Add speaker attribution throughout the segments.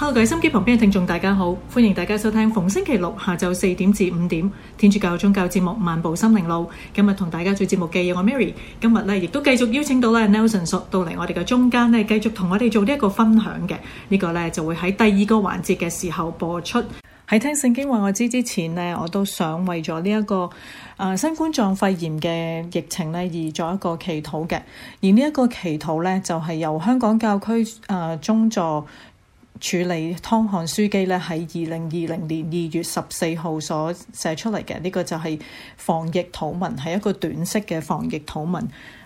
Speaker 1: Hello 各位心機旁邊嘅聽眾，大家好，歡迎大家收聽逢星期六下晝四點至五點天主教宗教節目《漫步心靈路》。今日同大家做節目嘅有我 Mary，今日咧亦都繼續邀請到咧 Nelson 叔到嚟我哋嘅中間咧，繼續同我哋做呢一個分享嘅。這個，呢個咧就會喺第二個環節嘅時候播出。喺 聽聖經話我知之前呢，我都想為咗呢一個誒、呃、新冠狀肺炎嘅疫情咧而做一個祈禱嘅。而呢一個祈禱咧就係、是、由香港教區誒、呃、中座。處理湯漢樞機咧，喺二零二零年二月十四號所寫出嚟嘅呢個就係防疫禱文，係一個短式嘅防疫禱文。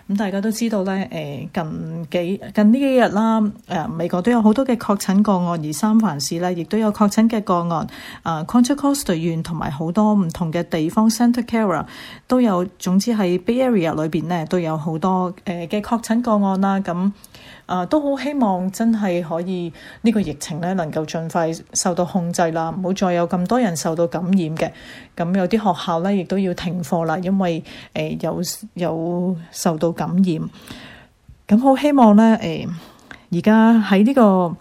Speaker 1: 咁、嗯、大家都知道咧，誒、呃、近幾近呢幾日啦，誒、啊、美國都有好多嘅確診個案，而三藩市呢亦都有確診嘅個案。誒、啊、Contra Costa 縣同埋好多唔同嘅地方 Santa Clara 都有，總之喺 Bay Area 裏邊咧都有好多誒嘅、呃、確診個案啦。咁啊，都好希望真係可以，呢個疫情呢能夠盡快受到控制啦，唔好再有咁多人受到感染嘅。咁有啲學校呢亦都要停課啦，因為誒、呃、有有受到感染。咁好希望呢，誒、呃，而家喺呢個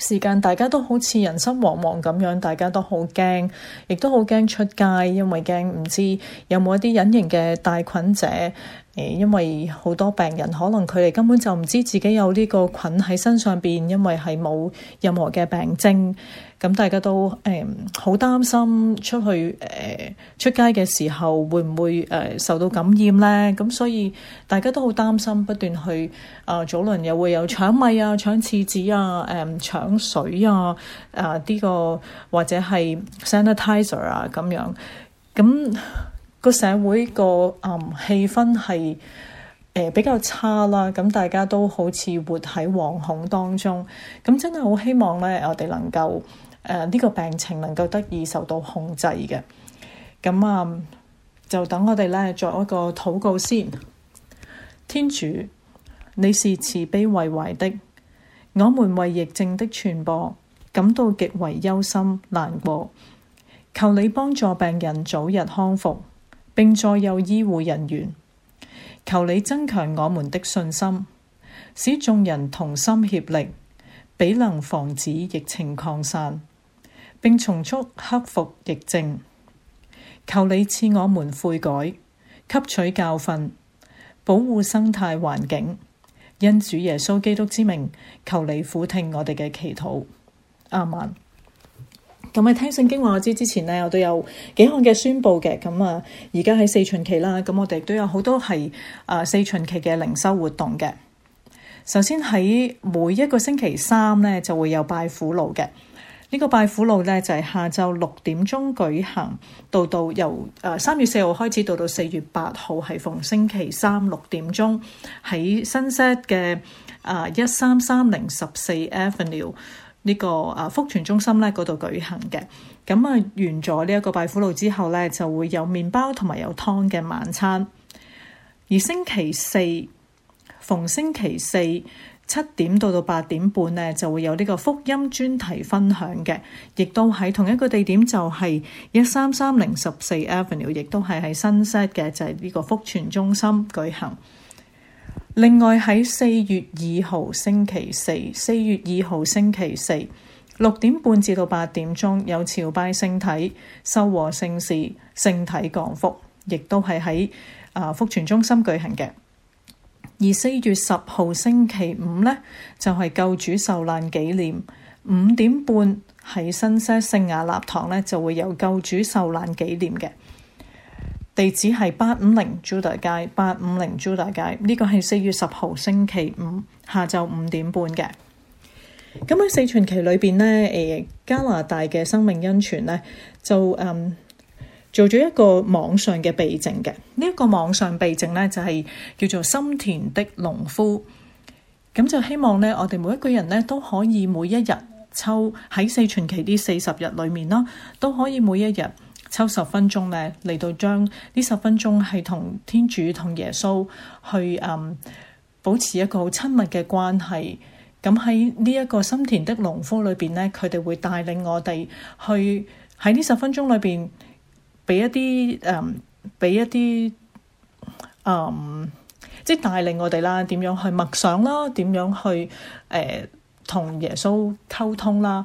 Speaker 1: 時間，大家都好似人心惶惶咁樣，大家都好驚，亦都好驚出街，因為驚唔知有冇一啲隱形嘅帶菌者。因為好多病人可能佢哋根本就唔知自己有呢個菌喺身上邊，因為係冇任何嘅病徵。咁大家都誒好、嗯、擔心出去誒、呃、出街嘅時候會唔會誒、呃、受到感染呢？咁所以大家都好擔心不斷去啊、呃，早輪又會有搶米啊、搶廁紙啊、誒、嗯、搶水啊、啊呢、這個或者係 sanitizer 啊咁樣咁。個社會個誒、嗯、氣氛係、呃、比較差啦，咁、嗯、大家都好似活喺惶恐當中。咁、嗯、真係好希望咧，我哋能夠誒呢、呃呢個病情能夠得以受到控制嘅。咁、嗯、啊、嗯，就等我哋咧作一個禱告先。天主，你是慈悲為懷的，我們為疫症的傳播感到極為憂心難過，求你幫助病人早日康復。並再有醫護人員，求你增強我們的信心，使眾人同心協力，俾能防止疫情擴散，並從速克服疫症。求你賜我們悔改，吸取教訓，保護生態環境。因主耶穌基督之名，求你俯聽我哋嘅祈禱。阿門。同埋聽聖經話，我知之前呢，我都有幾項嘅宣佈嘅。咁啊，而家喺四旬期啦，咁我哋都有好多係啊四旬期嘅靈修活動嘅。首先喺每一個星期三呢，就會有拜苦路嘅。呢、這個拜苦路呢，就係下晝六點鐘舉行，到到由誒三月四號開始，到到四月八號係逢星期三六點鐘喺 Sunset 嘅啊一三三零十四 Avenue。呢個啊福傳中心咧嗰度舉行嘅，咁啊完咗呢一個拜苦路之後呢，就會有麵包同埋有湯嘅晚餐。而星期四，逢星期四七點到到八點半呢，就會有呢個福音專題分享嘅，亦都喺同一個地點，就係一三三零十四 Avenue，亦都係喺 Sunset 嘅，就係呢個福傳中心舉行。另外喺四月二號星期四，四月二號星期四六點半至到八點鐘有朝拜聖體、修和聖事、聖體降福，亦都係喺啊福泉中心舉行嘅。而四月十號星期五呢，就係、是、救主受難紀念，五點半喺新西聖亞立堂呢，就會有救主受難紀念嘅。地址係八五零朱大街，八五零朱大街。呢、這個係四月十號星期五下晝五點半嘅。咁喺四旬期裏邊呢，誒加拿大嘅生命恩泉呢，就嗯、um，做咗一個網上嘅避靜嘅。呢、這、一個網上避靜呢，就係、是、叫做心田的農夫。咁就希望呢，我哋每一個人呢，都可以每一日抽喺四旬期呢四十日裏面啦，都可以每一日。抽十分鐘咧，嚟到將呢十分鐘係同天主同耶穌去嗯保持一個好親密嘅關係。咁喺呢一個心田的農夫裏邊咧，佢哋會帶領我哋去喺呢十分鐘裏邊，俾、嗯、一啲誒，俾一啲即係帶領我哋啦，點樣去默想啦，點樣去誒同、呃、耶穌溝通啦。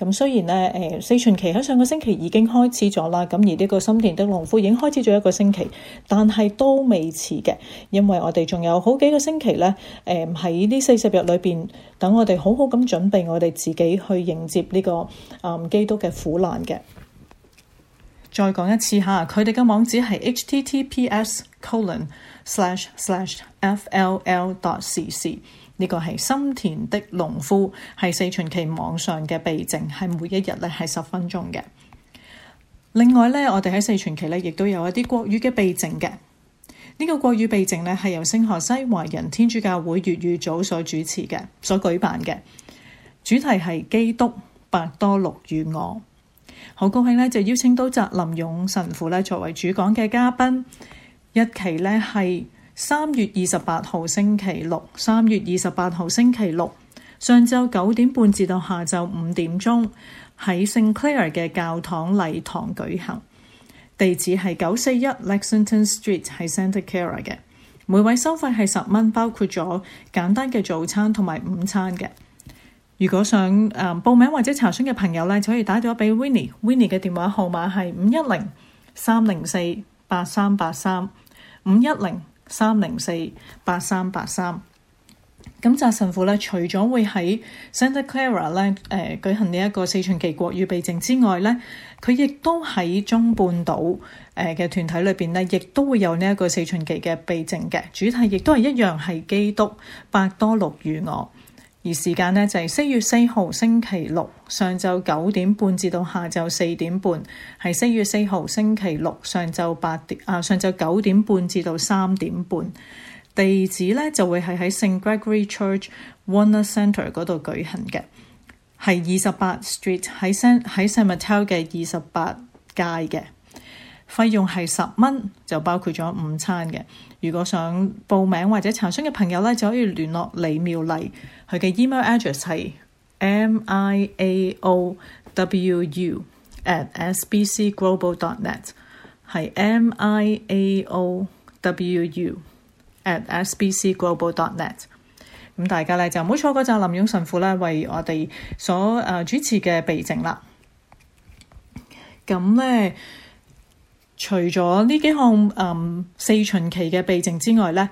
Speaker 1: 咁雖然咧，誒、呃、四旬期喺上個星期已經開始咗啦，咁而呢個心田的農夫已經開始咗一個星期，但係都未遲嘅，因為我哋仲有好幾個星期咧，誒喺呢四十日裏邊，等我哋好好咁準備，我哋自己去迎接呢、這個啊、呃、基督嘅苦難嘅。再講一次嚇，佢哋嘅網址係 https：//fll.cc colon slash slash。呢個係心田的農夫，係四傳奇網上嘅避靜，係每一日咧，係十分鐘嘅。另外呢，我哋喺四傳奇呢亦都有一啲國語嘅避靜嘅。呢個國語避靜呢係由聖荷西華人天主教會粵語組所主持嘅，所舉辦嘅主題係基督伯多祿與我。好高興呢就邀請到翟林勇神父呢作為主講嘅嘉賓。一期呢係。三月二十八號星期六，三月二十八號星期六上晝九點半至到下晝五點鐘喺聖克萊爾嘅教堂禮堂舉行。地址係九四一 Lexington Street 喺 Santa Clara 嘅。每位收費係十蚊，包括咗簡單嘅早餐同埋午餐嘅。如果想誒、呃、報名或者查詢嘅朋友咧，就可以打電話畀 Winnie。Winnie 嘅電話號碼係五一零三零四八三八三五一零。三零四八三八三，咁扎神父咧，除咗會喺 Santa Clara 咧，誒、呃、舉行呢一個四旬期國語備證之外咧，佢亦都喺中半島誒嘅團體裏邊咧，亦都會有呢一個四旬期嘅備證嘅主題，亦都係一樣係基督伯多祿與我。而時間呢，就係四月四號星期六上晝九點半至到下晝四點半，係四月四號星期六上晝八點啊，上晝九點半至到三點半。地址呢，就會係喺 St. Gregory Church、Wellness、Center 度舉行嘅，係二十八 Street 喺聖喺聖馬太嘅二十八街嘅。費用係十蚊，就包括咗午餐嘅。如果想報名或者查詢嘅朋友咧，就可以聯絡李妙麗，佢嘅 email address 係 miaowu@sbcglobal.net，係 miaowu@sbcglobal.net。咁 mia 大家咧就唔好錯過，嗰就林勇神父咧為我哋所誒主持嘅備證啦。咁咧。除咗呢幾項誒、嗯、四旬期嘅備註之外呢，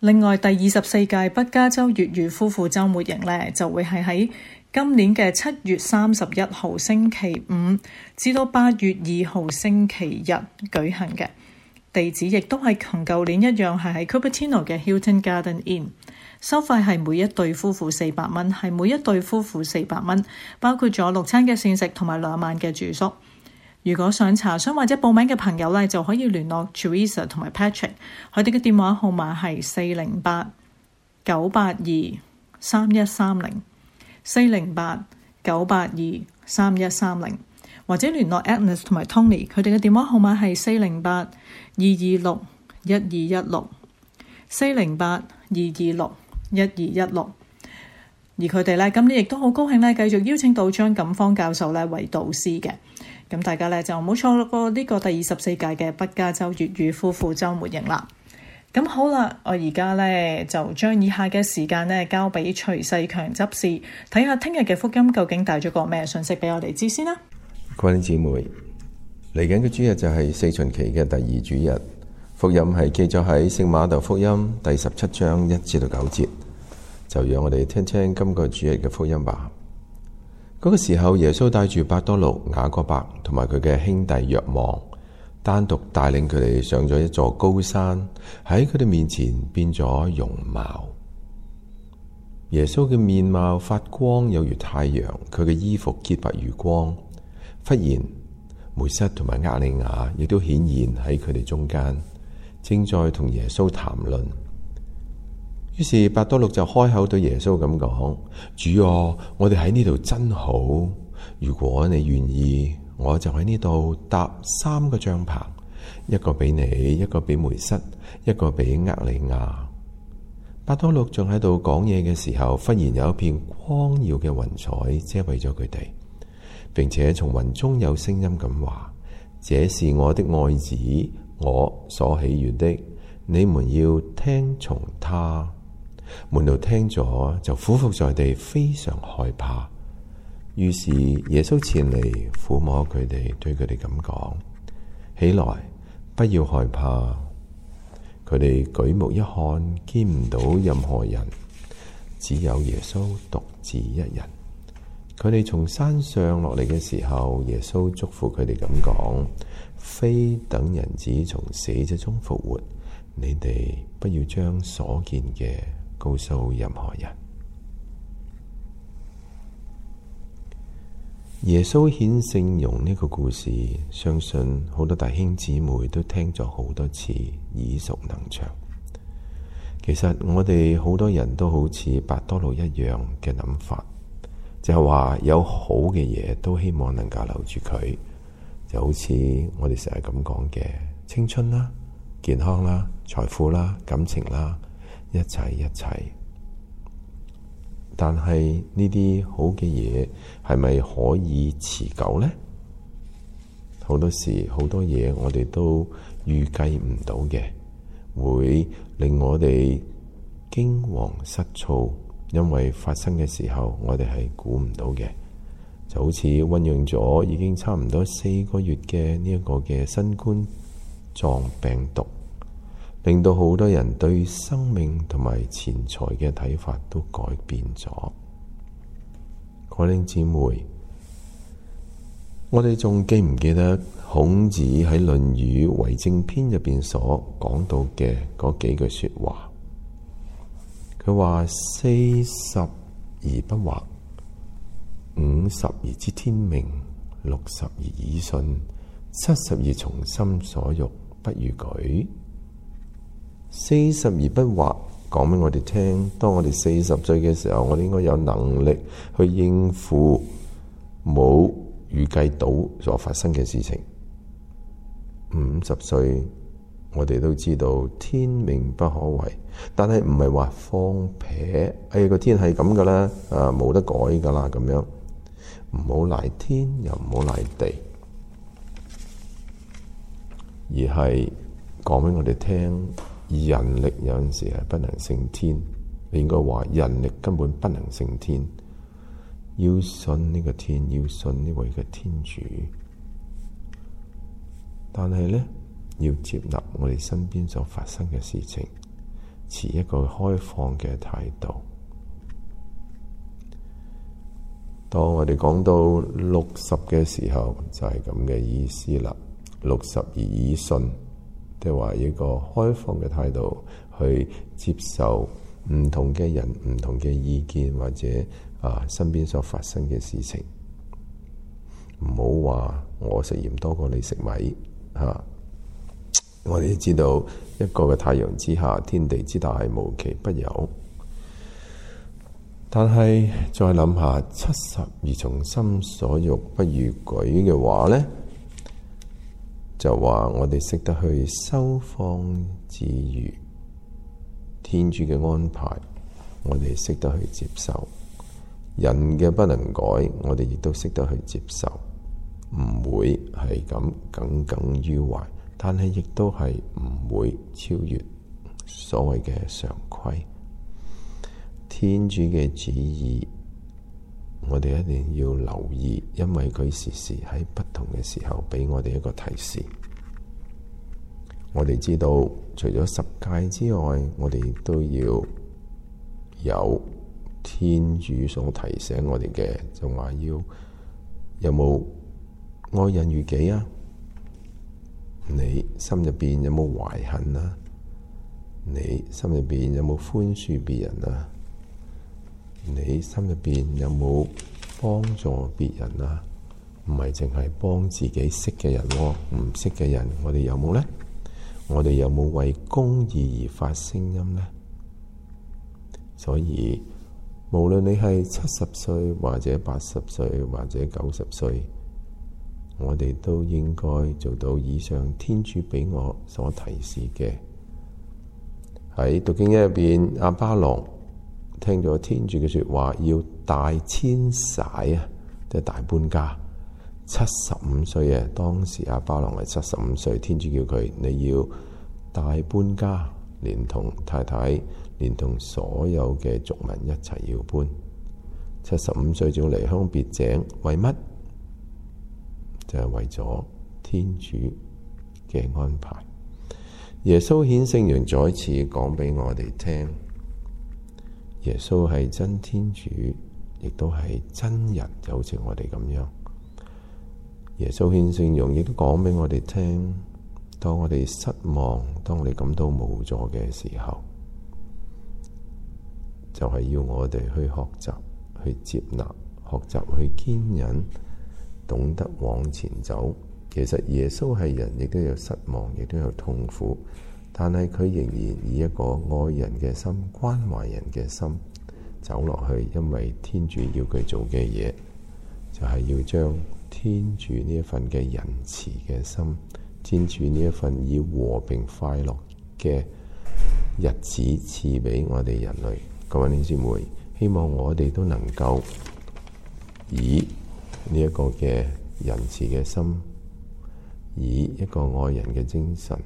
Speaker 1: 另外第二十四屆北加州粵語夫婦週末營呢，就會係喺今年嘅七月三十一號星期五至到八月二號星期日舉行嘅。地址亦都係同舊年一樣，係喺 Cupertino 嘅 Hilton Garden Inn。收費係每一對夫婦四百蚊，係每一對夫婦四百蚊，包括咗六餐嘅膳食同埋兩晚嘅住宿。如果想查詢或者報名嘅朋友咧，就可以聯絡 Teresa 同埋 Patrick，佢哋嘅電話號碼係四零八九八二三一三零，四零八九八二三一三零，或者聯絡 Agnes 同埋 Tony，佢哋嘅電話號碼係四零八二二六一二一六，四零八二二六一二一六。而佢哋咧，今年亦都好高興咧，繼續邀請到張錦芳教授咧為導師嘅。咁大家咧就唔好錯過呢個第二十四屆嘅北加州粵語夫婦週末營啦。咁好啦，我而家咧就將以下嘅時間咧交俾徐世強執事，睇下聽日嘅福音究竟帶咗個咩信息俾我哋知先啦。
Speaker 2: 各位姊妹，嚟緊嘅主日就係四旬期嘅第二主日，福音係記咗喺聖馬竇福音第十七章一至到九節，就讓我哋聽聽今個主日嘅福音吧。嗰個時候，耶穌帶住伯多禄、雅各伯同埋佢嘅兄弟若望，單獨帶領佢哋上咗一座高山，喺佢哋面前變咗容貌。耶穌嘅面貌發光，有如太陽；佢嘅衣服潔白如光。忽然，梅瑟同埋亞利亞亦都顯現喺佢哋中間，正在同耶穌談論。於是，伯多禄就開口對耶穌咁講：主哦、啊，我哋喺呢度真好。如果你願意，我就喺呢度搭三個帳篷，一個俾你，一個俾梅瑟，一個俾厄利亞。伯多禄仲喺度講嘢嘅時候，忽然有一片光耀嘅雲彩遮蔽咗佢哋，並且從雲中有聲音咁話：這是我的愛子，我所喜悦的，你們要聽從他。門徒聽咗就俯伏在地，非常害怕。於是耶穌前嚟撫摸佢哋，對佢哋咁講：起來，不要害怕。佢哋舉目一看，見唔到任何人，只有耶穌獨自一人。佢哋從山上落嚟嘅時候，耶穌祝福佢哋咁講：非等人子從死者中復活，你哋不要將所見嘅。告訴任何人。耶穌顯聖容呢個故事，相信好多弟兄姊妹都聽咗好多次、耳熟能詳。其實我哋好多人都好似伯多祿一樣嘅諗法，就係、是、話有好嘅嘢，都希望能夠留住佢，就好似我哋成日咁講嘅青春啦、啊、健康啦、啊、財富啦、啊、感情啦、啊。一切，一切。但係呢啲好嘅嘢，係咪可以持久呢？好多時，好多嘢，我哋都預計唔到嘅，會令我哋驚惶失措，因為發生嘅時候，我哋係估唔到嘅。就好似運用咗已經差唔多四個月嘅呢一個嘅新冠狀病毒。令到好多人對生命同埋錢財嘅睇法都改變咗。各位姊妹，我哋仲記唔記得孔子喺《論語為政篇》入邊所講到嘅嗰幾句説話？佢話：四十而不惑，五十而知天命，六十而耳順，七十而從心所欲，不逾矩。四十而不惑，講俾我哋聽。當我哋四十歲嘅時候，我哋應該有能力去應付冇預計到所發生嘅事情。五十歲，我哋都知道天命不可違，但係唔係話放撇。哎，個天係咁噶啦，啊，冇得改噶啦，咁樣唔好賴天，又唔好賴地，而係講俾我哋聽。人力有陣時係不能勝天，你應該話人力根本不能勝天，要信呢個天，要信呢位嘅天主。但係呢，要接納我哋身邊所發生嘅事情，持一個開放嘅態度。當我哋講到六十嘅時候，就係咁嘅意思啦。六十而以信。即係話一個開放嘅態度去接受唔同嘅人，唔同嘅意見或者啊身邊所發生嘅事情，唔好話我食鹽多過你食米吓，啊。我哋都知道一個嘅太陽之下，天地之大，無奇不有。但係再諗下七十而從心所欲，不如矩嘅話咧。就話我哋識得去收放自如，天主嘅安排，我哋識得去接受。人嘅不能改，我哋亦都識得去接受，唔會係咁耿耿於懷，但係亦都係唔會超越所謂嘅常規，天主嘅旨意。我哋一定要留意，因為佢時時喺不同嘅時候畀我哋一個提示。我哋知道，除咗十戒之外，我哋都要有天主所提醒我哋嘅，就話要有冇愛人如己啊？你心入邊有冇懷恨啊？你心入邊有冇寬恕別人啊？你心入邊有冇幫助別人啊？唔係淨係幫自己識嘅人喎，啊，唔識嘅人我哋有冇呢？我哋有冇為公義而發聲音呢？所以無論你係七十歲或者八十歲或者九十歲，我哋都應該做到以上天主俾我所提示嘅。喺讀經一入邊，阿巴郎聽咗天主嘅說話，要大遷徙啊，即係大搬家。七十五歲啊，當時阿巴郎係七十五歲，天主叫佢你要大搬家，連同太太，連同所有嘅族民一齊要搬。七十五歲就離鄉別井，為乜？就係為咗天主嘅安排。耶穌顯聖容再次講俾我哋聽。耶穌係真天主，亦都係真人，就好似我哋咁樣。耶穌獻聖容，亦都講畀我哋聽，當我哋失望，當我哋感到無助嘅時候，就係、是、要我哋去學習、去接納、學習去堅忍，懂得往前走。其實耶穌係人，亦都有失望，亦都有痛苦。但係佢仍然以一個愛人嘅心、關懷人嘅心走落去，因為天主要佢做嘅嘢，就係、是、要將天主呢一份嘅仁慈嘅心，佔住呢一份以和平快樂嘅日子賜俾我哋人類。各位弟兄姊妹，希望我哋都能夠以呢一個嘅仁慈嘅心，以一個愛人嘅精神。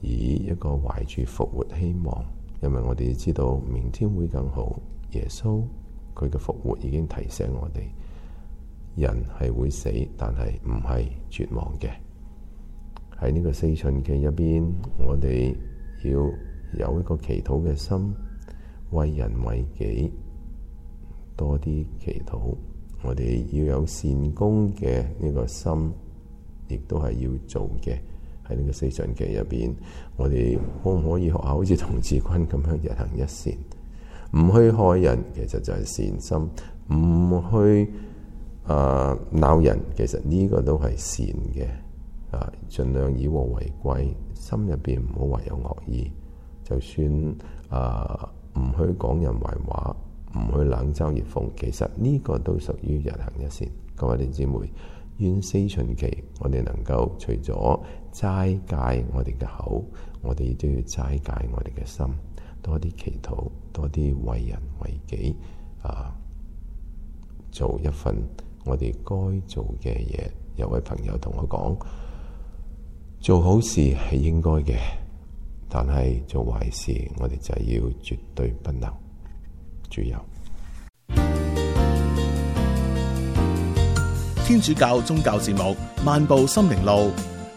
Speaker 2: 以一個懷住復活希望，因為我哋知道明天會更好。耶穌佢嘅復活已經提醒我哋，人係會死，但係唔係絕望嘅。喺呢個四旬期入邊，我哋要有一個祈禱嘅心，為人為己多啲祈禱。我哋要有善功嘅呢個心，亦都係要做嘅。喺呢個四旬期入邊，我哋可唔可以學下好似童子軍咁樣日行一善，唔去害人，其實就係善心；唔去啊鬧、呃、人，其實呢個都係善嘅啊。儘量以和為貴，心入邊唔好懷有惡意。就算啊唔、呃、去講人壞話，唔去冷嘲熱諷，其實呢個都屬於日行一善。各位弟兄姊妹，願四旬期我哋能夠除咗，齋戒我哋嘅口，我哋都要齋戒我哋嘅心，多啲祈禱，多啲為人為己，啊，做一份我哋該做嘅嘢。有位朋友同我講，做好事係應該嘅，但係做壞事我哋就要絕對不能主有。天主教宗教節目《
Speaker 3: 漫步心靈路》。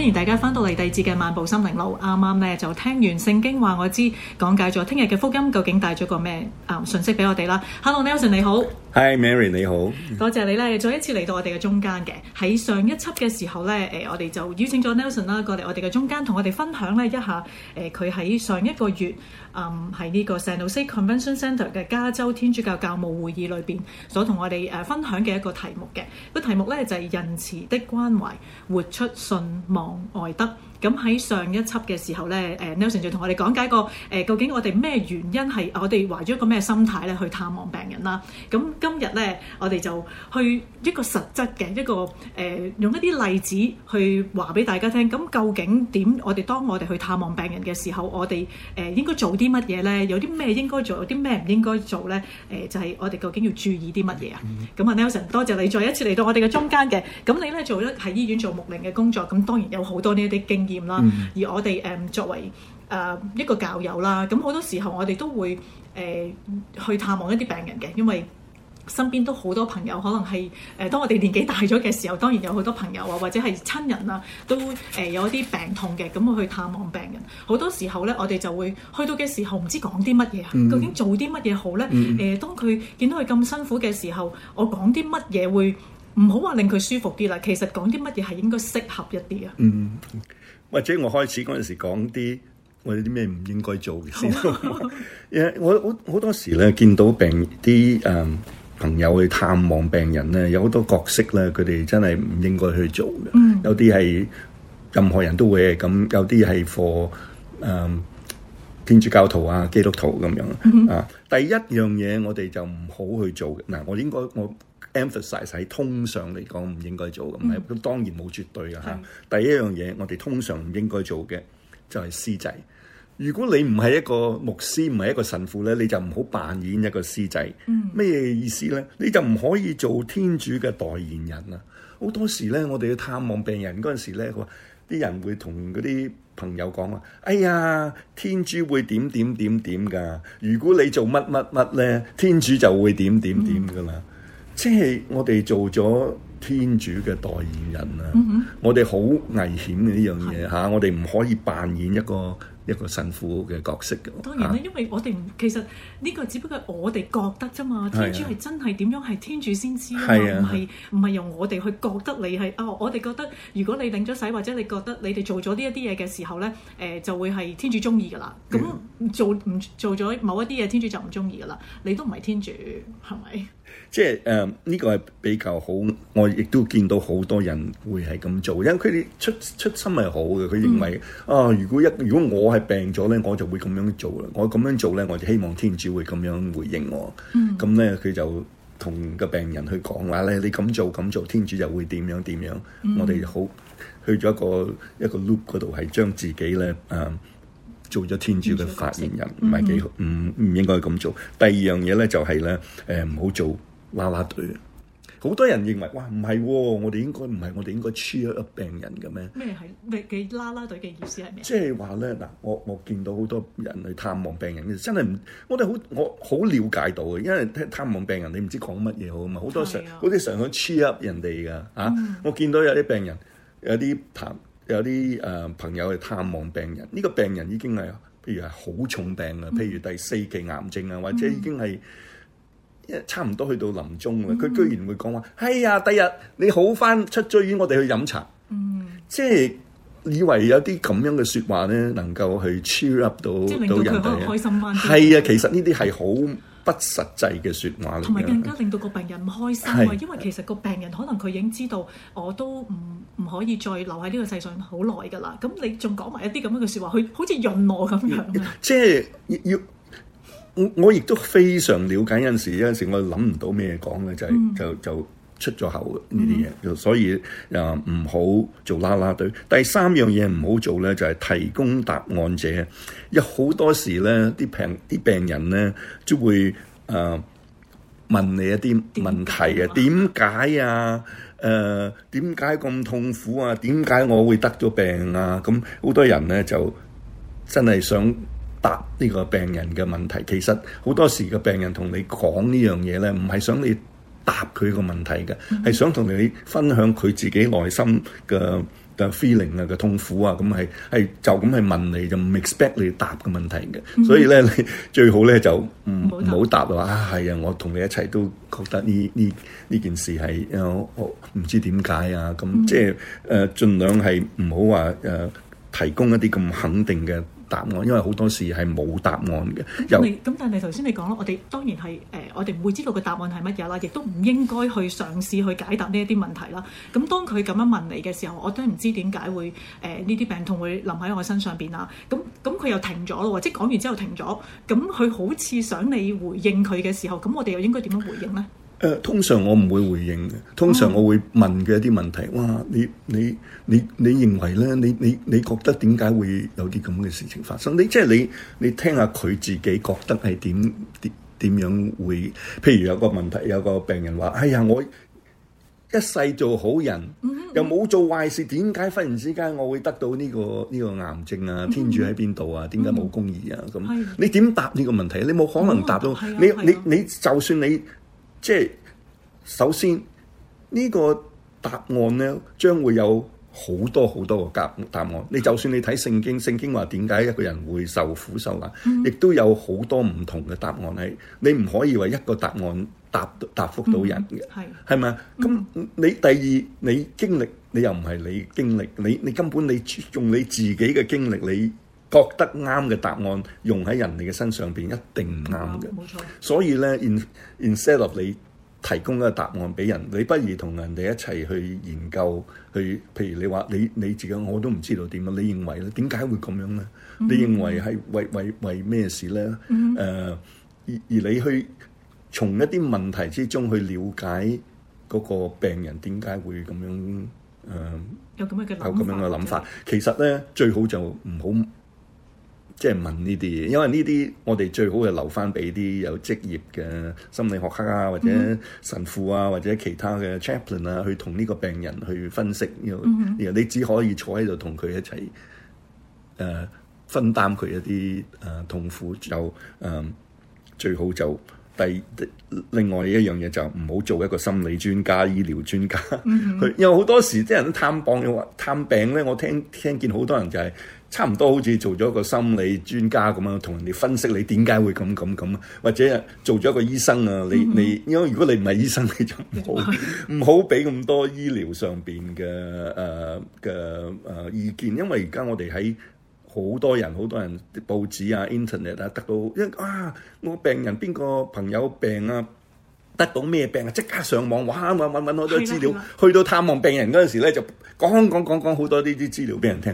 Speaker 1: 歡迎大家翻到嚟第二節嘅《漫步森林路》，啱啱咧就聽完聖經話，我知講解咗聽日嘅福音究竟帶咗個咩啊、嗯、信息畀我哋啦。Hello，Nelson，你好。
Speaker 3: Hi，Mary，你好，
Speaker 1: 多謝你咧，再一次嚟到我哋嘅中間嘅。喺上一輯嘅時候咧，誒、呃，我哋就邀請咗 Nelson 啦，過嚟我哋嘅中間，同我哋分享咧一下，誒、呃，佢喺上一個月，嗯，喺呢個 San Jose Convention Center 嘅加州天主教教，教務會議裏邊，所同我哋誒、呃、分享嘅一個題目嘅。個題目咧就係、是、仁慈的關懷，活出信望愛德。咁喺上一輯嘅時候咧，誒 Nelson 就同我哋講解過誒、呃、究竟我哋咩原因係我哋懷咗一個咩心態咧去探望病人啦。咁今日咧，我哋就去一個實質嘅一個誒、呃，用一啲例子去話俾大家聽。咁究竟點我哋當我哋去探望病人嘅時候，我哋誒、呃、應該做啲乜嘢咧？有啲咩應該做，有啲咩唔應該做咧？誒、呃、就係、是、我哋究竟要注意啲乜嘢啊？咁啊、mm hmm.，Nelson，多謝你再一次嚟到我哋嘅中間嘅。咁你咧做一喺醫院做牧靈嘅工作，咁當然有好多呢一啲經啦，嗯、而我哋誒、um, 作為誒、uh, 一個教友啦，咁好多時候我哋都會誒、呃、去探望一啲病人嘅，因為身邊都好多朋友可能係誒、呃、當我哋年紀大咗嘅時候，當然有好多朋友啊，或者係親人啊，都誒、呃、有一啲病痛嘅，咁我去探望病人。好多時候咧，我哋就會去到嘅時候唔知講啲乜嘢，究竟做啲乜嘢好咧？誒、嗯呃，當佢見到佢咁辛苦嘅時候，我講啲乜嘢會唔好話令佢舒服啲啦？其實講啲乜嘢係應該適合一啲啊？嗯。
Speaker 3: 或者我開始嗰陣時講啲我哋啲咩唔應該做嘅先，誒，我好好多時咧見到病啲誒朋友去探望病人咧，有好多角色咧，佢哋真係唔應該去做嘅。有啲係任何人都會嘅，咁有啲係 for 誒天主教徒啊、基督徒咁樣啊。第一樣嘢，我哋就唔好去做嘅。嗱，我應該我。Emphasize 通常嚟講唔應該做咁樣，咁、嗯、當然冇絕對㗎吓。的第一樣嘢，我哋通常唔應該做嘅就係、是、司祭。如果你唔係一個牧師，唔係一個神父咧，你就唔好扮演一個司祭。咩、嗯、意思咧？你就唔可以做天主嘅代言人啊！好多時咧，我哋去探望病人嗰陣時咧，佢話啲人會同嗰啲朋友講話：，哎呀，天主會點點點點㗎。如果你做乜乜乜咧，天主就會點點點㗎啦。嗯即係我哋做咗天主嘅代言人啊！我哋好危險嘅呢樣嘢吓，我哋唔可以扮演一個一個神父嘅角色嘅。當然啦，啊、
Speaker 1: 因為我哋其實呢個只不過我哋覺得啫嘛，天主係真係點樣係天主先知啊，唔係唔係由我哋去覺得你係啊的、哦，我哋覺得如果你領咗洗或者你覺得你哋做咗呢一啲嘢嘅時候咧，誒、呃、就會係天主中意噶啦。咁做唔做咗某一啲嘢，天主就唔中意噶啦。你都唔係天主，係咪？
Speaker 3: 即係誒呢個係比較好，我亦都見到好多人會係咁做，因為佢哋出出心係好嘅。佢認為、嗯、啊，如果一如果我係病咗咧，我就會咁樣做啦。我咁樣做咧，我就希望天主會咁樣回應我。咁咧、嗯，佢就同個病人去講話咧，你咁做咁做，天主就會點樣點樣。我哋好去咗一個一個 loop 嗰度，係將自己咧啊。呃做咗天主嘅發言人唔係、嗯、幾好，唔唔、嗯、應該咁做。第二樣嘢咧就係、是、咧，誒唔好做啦啦隊啊！好多人認為哇，唔係、哦，我哋應該唔係我哋應該 cheer up 病人嘅咩？咩係
Speaker 1: 咩嘅啦啦隊嘅意思係咩？即係話咧嗱，
Speaker 3: 我我見到好多人去探望病人，真係唔，我哋好我好了解到嘅，因為探望病人你唔知講乜嘢好啊嘛，好多時好似成日 cheer up 人哋噶啊！嗯、我見到有啲病人有啲探。有啲誒、呃、朋友去探望病人，呢、這個病人已經係譬如係好重病嘞，嗯、譬如第四期癌症啊，或者已經係差唔多去到臨終啦。佢、嗯、居然會講話：哎呀，第日你好返出咗院，我哋去飲茶。嗯，即係以為有啲咁樣嘅説話咧，能夠去 cheer up 到到,到人哋開心係啊，其實呢啲係好。不實際嘅
Speaker 1: 説話，同埋更加令到個病人唔開心啊！是因為其實個病人可能佢已經知道，我都唔唔可以再留喺呢個世上好耐㗎啦。咁你仲講埋一啲咁樣嘅説話，佢好似潤我咁樣，
Speaker 3: 即係要我，我亦都非常了解，有陣時，嗰陣時我諗唔到咩講嘅，就係、是、就、嗯、就。就出咗口呢啲嘢，所以啊唔好做啦啦隊。第三樣嘢唔好做咧，就係提供答案者。有好多時咧，啲病啲病人咧，都會啊問你一啲問題嘅。點解啊？誒點解咁痛苦啊？點解我會得咗病啊？咁好多人咧就真係想答呢個病人嘅問題。其實好多時嘅病人同你講呢樣嘢咧，唔係想你。答佢個問題嘅係、mm hmm. 想同你分享佢自己內心嘅嘅 feeling 啊嘅痛苦啊，咁係係就咁係問你就唔 expect 你答嘅問題嘅，mm hmm. 所以咧你最好咧就唔唔好答話啊，係啊、哎，我同你一齊都覺得呢呢呢件事係我唔知點解啊，咁即係誒，儘、mm hmm. 呃、量係唔好話誒提供一啲咁肯定嘅。答案，因為好多時係冇答案嘅。
Speaker 1: 咁，但係頭先你講咯，我哋當然係誒，我哋唔會知道個答案係乜嘢啦，亦都唔應該去嘗試去解答呢一啲問題啦。咁當佢咁樣問你嘅時候，我都唔知點解會誒呢啲病痛會臨喺我身上邊啦。咁咁佢又停咗咯喎，即係講完之後停咗。咁佢好似想你回應佢嘅時候，咁我哋又應該點樣回應呢？
Speaker 3: 誒通常我唔會回應嘅，通常我會問佢一啲問題。哇，你你你你認為咧？你你你覺得點解會有啲咁嘅事情發生？你即係你你聽下佢自己覺得係點點點樣會？譬如有個問題，有個病人話：哎呀，我一世做好人，又冇做壞事，點解忽然之間我會得到呢個呢個癌症啊？天主喺邊度啊？點解冇公義啊？咁你點答呢個問題？你冇可能答到。你你你，你就算你。即係首先呢、呢個答案呢，將會有好多好多個答答案。你就算你睇聖經，聖經話點解一個人會受苦受難，亦、mm hmm. 都有好多唔同嘅答案喺。你唔可以以為一個答案答答覆到人嘅，係咪？咁你第二，你經歷你又唔係你經歷，你你根本你用你自己嘅經歷你。覺得啱嘅答案用喺人哋嘅身上邊，一定唔啱嘅，冇錯，所以咧，in instead of 你提供一個答案俾人，你不如同人哋一齊去研究，去譬如你話你你自己我都唔知道點樣，你認為咧點解會咁樣咧？你認為係為為為咩事咧？誒，而而你去從一啲問題之中去了解嗰個病人點解會咁樣誒？有咁樣嘅有咁樣嘅諗法，其實咧最好就唔好。即係問呢啲嘢，因為呢啲我哋最好係留翻俾啲有職業嘅心理學家啊，或者神父啊，mm hmm. 或者其他嘅 chaplain 啊，去同呢個病人去分析。後 mm hmm. 然後你只可以坐喺度同佢一齊，誒、呃、分擔佢一啲誒、呃、痛苦。就誒、呃、最好就第另外一樣嘢就唔好做一個心理專家、醫療專家。佢有好多時啲人都探病嘅話，探病咧，我聽聽見好多人就係、是。差唔多好似做咗個心理專家咁樣，同人哋分析你點解會咁咁咁，或者做咗一個醫生啊，你你因為如果你唔係醫生，你就唔好唔好俾咁多醫療上邊嘅誒嘅誒意見，因為而家我哋喺好多人好多人報紙啊、Internet 啊，得到因啊我病人邊個朋友病啊，得到咩病啊，即刻上網揾啊揾揾好多資料，去到探望病人嗰陣時咧，就講講講講好多呢啲資料俾人聽。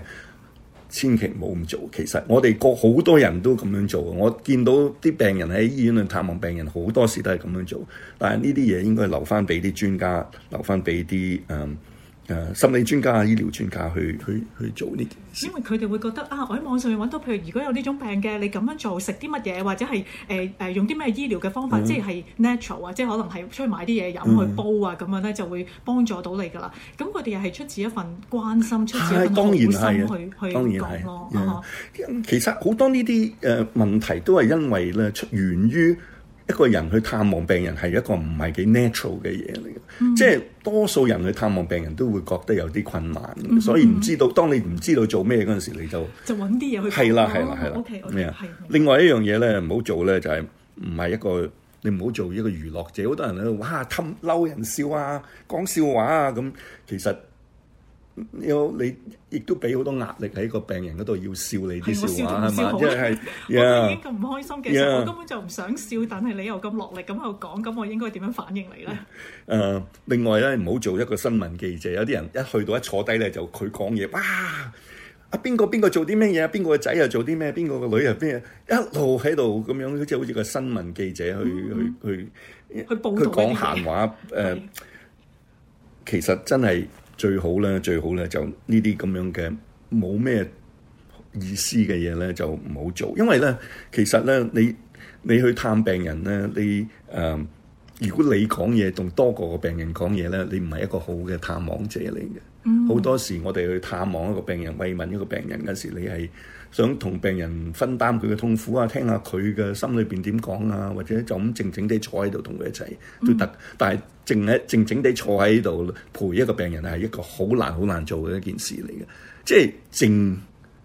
Speaker 3: 千祈冇咁做，其實我哋個好多人都咁樣做，我見到啲病人喺醫院度探望病人，好多時都係咁樣做，但係呢啲嘢應該留翻畀啲專家，留翻畀啲誒。嗯誒、呃、心理專家、醫療專家去去去做呢件
Speaker 1: 事，因為佢哋會覺得啊，我喺網上面揾到，譬如如果有呢種病嘅，你咁樣做，食啲乜嘢，或者係誒誒用啲咩醫療嘅方法，嗯、即係 natural 啊，即係可能係出去買啲嘢飲去煲啊，咁、嗯、樣咧就會幫助到你噶啦。咁佢哋又係出自一份關心，出自一份好心、哎、當然去去當然
Speaker 3: 講咯。其實好多呢啲誒問題都係因為咧出源於。一個人去探望病人係一個唔係幾 natural 嘅嘢嚟嘅，mm hmm. 即係多數人去探望病人都會覺得有啲困難，mm hmm. 所以唔知道，當你唔知道做咩嗰陣時，你就就
Speaker 1: 揾啲嘢去，係啦係啦係啦，咩、hmm. 啊？Okay,
Speaker 3: 另外一樣嘢咧唔好做咧就係唔係一個你唔好做一個娛樂者，好多人咧哇氹嬲人笑啊，講笑話啊咁，其實。有你亦都俾好多壓力喺個病人嗰度，要笑你啲笑話係咪？即係已經咁唔開心嘅時候，Yeah. 我根本就唔想笑，但係你又咁落力
Speaker 1: 咁喺度講，咁我應該點樣反應
Speaker 3: 你咧？誒、呃，另外咧，唔好做一個新聞記者。有啲人一去到一坐低咧，就佢講嘢，哇！阿、啊、邊個邊個做啲咩嘢？邊、啊、個個仔又做啲咩？邊個個女又咩？一路喺度咁樣，好似好似個新聞記者去嗯嗯去去去，去報道。佢講閒話誒，呃、的其實真係。最好咧，最好咧，就呢啲咁樣嘅冇咩意思嘅嘢咧，就唔好做。因為咧，其實咧，你你去探病人咧，你誒、呃，如果你講嘢仲多過個病人講嘢咧，你唔係一個好嘅探望者嚟嘅。好、嗯、多時我哋去探望一個病人、慰問一個病人嗰時，你係。想同病人分擔佢嘅痛苦啊，聽下佢嘅心裏邊點講啊，或者就咁靜靜地坐喺度同佢一齊都得。嗯、但係靜喺靜靜地坐喺度陪一個病人係一個好難好難做嘅一件事嚟嘅，即係靜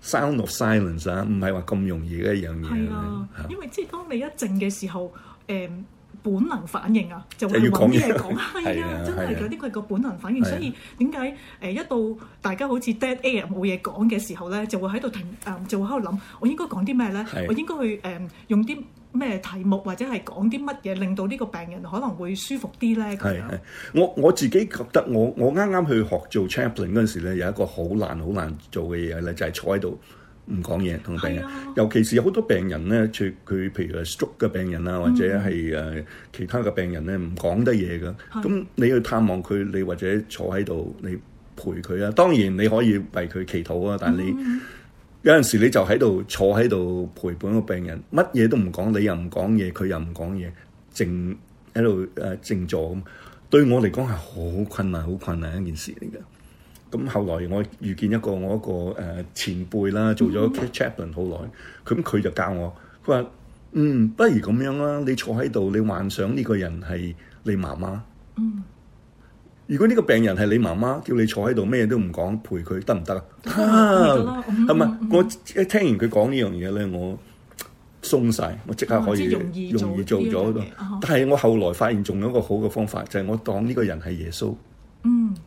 Speaker 3: sound of silence 啊，唔係話咁容易嘅一樣嘢。係啊，啊因為即係
Speaker 1: 當你一靜嘅時候，誒、嗯。本能反應啊，就會搵啲嘢講，係 啊，啊真係有啲佢個本能反應，啊、所以點解誒一到大家好似 dead air 冇嘢講嘅時候咧，就會喺度停，誒、呃、就會喺度諗，我應該講啲咩咧？啊、我應該去誒、呃、用啲咩題目或者係講啲乜嘢，令到呢個病人可能會舒服啲咧？係係、啊，
Speaker 3: 我我自己覺得我我啱啱去學做 chaplain 嗰陣時咧，有一個好難好難做嘅嘢咧，就係、是、坐喺度。唔講嘢同病人，啊、尤其是有好多病人咧，佢佢譬如係 stroke 嘅病人啊，嗯、或者係誒其他嘅病人咧，唔講得嘢㗎。咁你要探望佢，你或者坐喺度你陪佢啊。當然你可以為佢祈禱啊，但係你、嗯、有陣時你就喺度坐喺度陪伴個病人，乜嘢都唔講，你又唔講嘢，佢又唔講嘢，靜喺度誒靜坐咁。對我嚟講係好困難、好困難一件事嚟㗎。咁後來我遇見一個我一個誒前輩啦，做咗 Kate Chapman 好耐，咁佢、mm hmm. 就教我，佢話：嗯，不如咁樣啦，你坐喺度，你幻想呢個人係你媽媽。嗯、
Speaker 1: mm。
Speaker 3: Hmm. 如果呢個病人係你媽媽，叫你坐喺度咩都唔講，陪佢得唔得啊？啊，係咪、mm hmm.？我一聽完佢講呢樣嘢咧，我鬆晒，我即刻可以容易做咗。Mm hmm. 但係我後來發現仲有一個好嘅方法，就係、是、我當呢個人係耶穌。
Speaker 1: 嗯、mm。Hmm.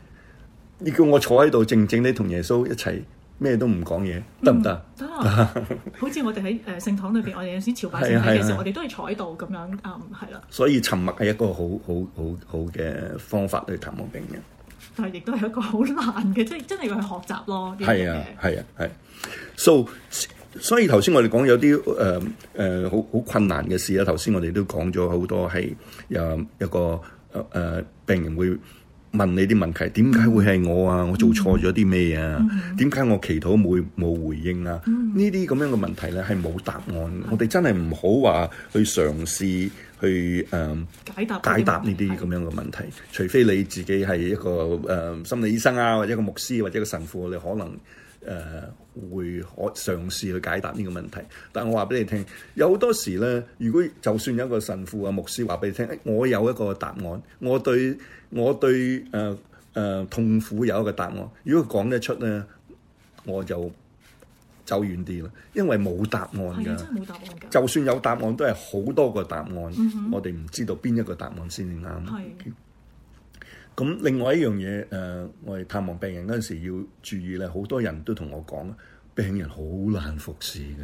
Speaker 3: 你叫我坐喺度靜靜地同耶穌一齊咩都唔講嘢得唔得？得、嗯嗯，好似我哋喺誒聖堂裏邊，我哋有時朝拜聖體嘅時候，
Speaker 1: 啊啊、我哋都係坐喺度咁樣，嗯，係
Speaker 3: 啦、啊。所以沉默係一個好好好好嘅方法去探望病人，
Speaker 1: 但係亦都係一個好難嘅，即係
Speaker 3: 真係要去學習咯。係啊，係啊，係、啊。So，所以頭先我哋講有啲誒誒好好困難嘅事啦。頭先我哋都講咗好多係有一個誒誒病人會，問你啲問題，點解會係我啊？我做錯咗啲咩啊？點解、嗯、我祈禱冇冇回應啊？呢啲咁樣嘅問題咧，係冇答案。的我哋真係唔好話去嘗試去誒、嗯、解答解答呢啲咁樣嘅問題，除非你自己係一個誒、呃、心理醫生啊，或者一個牧師，或者一個神父，你可能。誒、呃、會可嘗試去解答呢個問題，但係我話俾你聽，有好多時咧，如果就算有一個神父啊、牧師話俾你聽，哎，我有一個答案，我對我對誒誒、呃呃、痛苦有一個答案，如果講得出咧，我就走遠啲啦，因為冇答案㗎，答案就算有答案都係好多個答案，嗯、哼我哋唔知道邊一個答案先至啱。咁另外一樣嘢，誒、呃，我哋探望病人嗰陣時要注意咧，好多人都同我講，病人好難服侍嘅。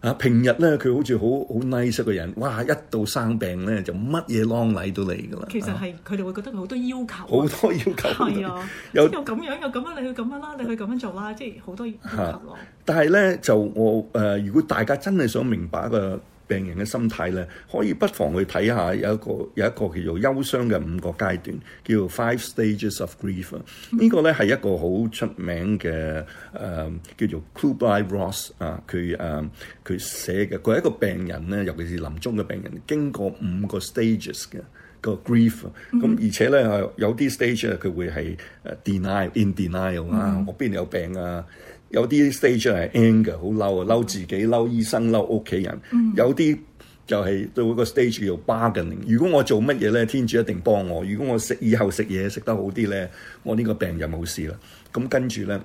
Speaker 3: 啊，平日咧佢好似好好 nice 嘅人，哇！一到生病咧就乜嘢啷禮到嚟㗎啦。其實係，
Speaker 1: 佢哋、啊、會覺得好多要求、啊。好
Speaker 3: 多要求。係啊，又又咁樣又
Speaker 1: 咁樣，你去咁樣啦，你去咁樣做啦，即係好
Speaker 3: 多要求、啊啊、但係咧，就我誒、呃，如果大家真係想明白一個病人嘅心態咧，可以不妨去睇下有一個有一個叫做憂傷嘅五個階段，叫做 Five Stages of Grief、嗯。個呢個咧係一個好出名嘅誒、呃，叫做 Kübler-Ross 啊，佢誒佢寫嘅，佢係一個病人咧，尤其是臨終嘅病人，經過五個 stages 嘅個 grief。咁 gr、嗯、而且咧有啲 stage 佢會係誒 denial、in denial、嗯、啊，我邊有病啊？有啲 stage 係 anger，好嬲啊，嬲自己，嬲醫生，嬲屋企人。嗯、有啲就係到嗰個 stage 叫 bargaining。如果我做乜嘢咧，天主一定幫我。如果我食以後食嘢食得好啲咧，我呢個病就冇事啦。咁跟住咧，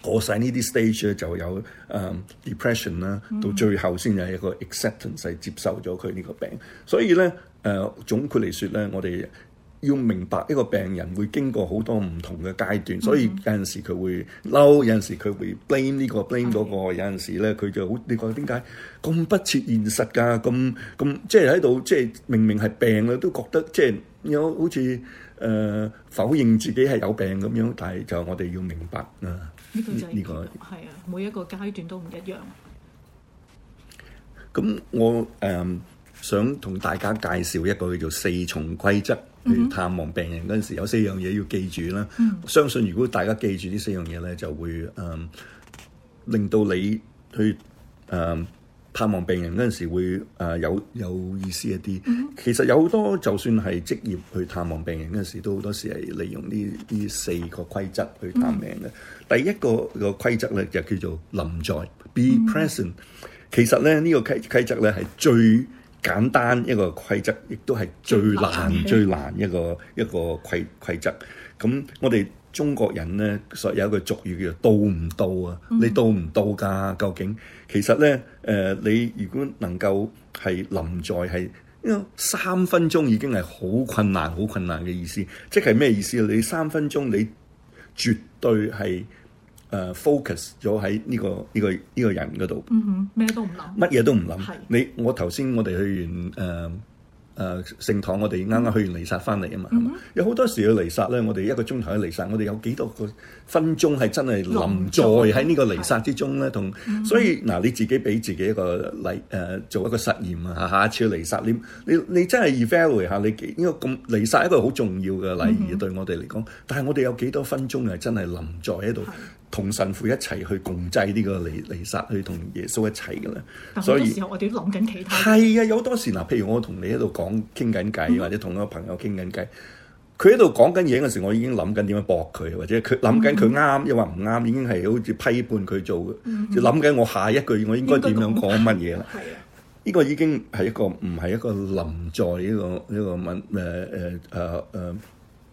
Speaker 3: 過晒呢啲 stage 咧，就有誒 depression 啦、嗯。到最後先有一個 acceptance 係接受咗佢呢個病。所以咧，誒、呃、總括嚟説咧，我哋，要明白一個病人會經過好多唔同嘅階段，所以有陣時佢會嬲，有陣時佢會 blame 呢個 blame 嗰個，有陣時咧佢就好，你覺得點解咁不切現實㗎？咁咁即係喺度，即係明明係病啦，都覺得即係有好似誒否認自己係有病咁樣，但係就我哋要明白啊。呢個呢個係啊，每
Speaker 1: 一
Speaker 3: 個階段都唔一樣。咁我誒想同大家介紹一個叫做四重規則。去探望病人嗰陣時，有四樣嘢要記住啦。嗯、相信如果大家記住呢四樣嘢咧，就會誒、嗯、令到你去誒、嗯、探望病人嗰陣時會、呃、有有意思一啲。嗯、其實有好多就算係職業去探望病人嗰陣時，都好多時係利用呢啲四個規則去探病嘅。嗯、第一個個規則咧就叫做臨在 （be present）。嗯嗯、其實咧呢、呢個規規則咧係最簡單一個規則，亦都係最難、Okay. 最難一個一個規規則。咁、嗯、我哋中國人呢，所以有一句俗語叫做到唔到啊，你到唔到㗎？究竟其實呢，誒、呃，你如果能夠係臨在，係三分鐘已經係好困難、好困難嘅意思，即係咩意思？你三分鐘你絕對係。誒 focus 咗喺呢個呢個呢個人嗰度，咩都唔
Speaker 1: 諗，乜嘢
Speaker 3: 都唔諗。你我頭先我哋去完誒誒聖堂，我哋啱啱去完彌撒返嚟啊嘛，有好多時嘅彌撒咧，我哋一個鐘頭嘅彌撒，我哋有幾多個分鐘係真係臨在喺呢個彌撒之中咧？同所以嗱，你自己俾自己一個例誒，做一個實驗啊！下一次彌撒你你你真係 evaluate 下你，呢個咁彌撒一個好重要嘅禮儀對我哋嚟講，但係我哋有幾多分鐘係真係臨在喺度？同神父一齊去共祭呢個弥彌撒，去同耶穌一齊嘅啦。所以
Speaker 1: 好多時候我哋
Speaker 3: 諗緊其他。係啊，有多時嗱，譬如我同你喺度講傾緊偈，或者同個朋友傾緊偈，佢喺度講緊嘢嘅時候，我已經諗緊點樣駁佢，或者佢諗緊佢啱又話唔啱，已經係好似批判佢做嘅，嗯嗯嗯就諗緊我下一句我應該點樣講乜嘢啦。係啊，呢 的個已經係一個唔係一個臨在呢個呢個問誒誒啊誒。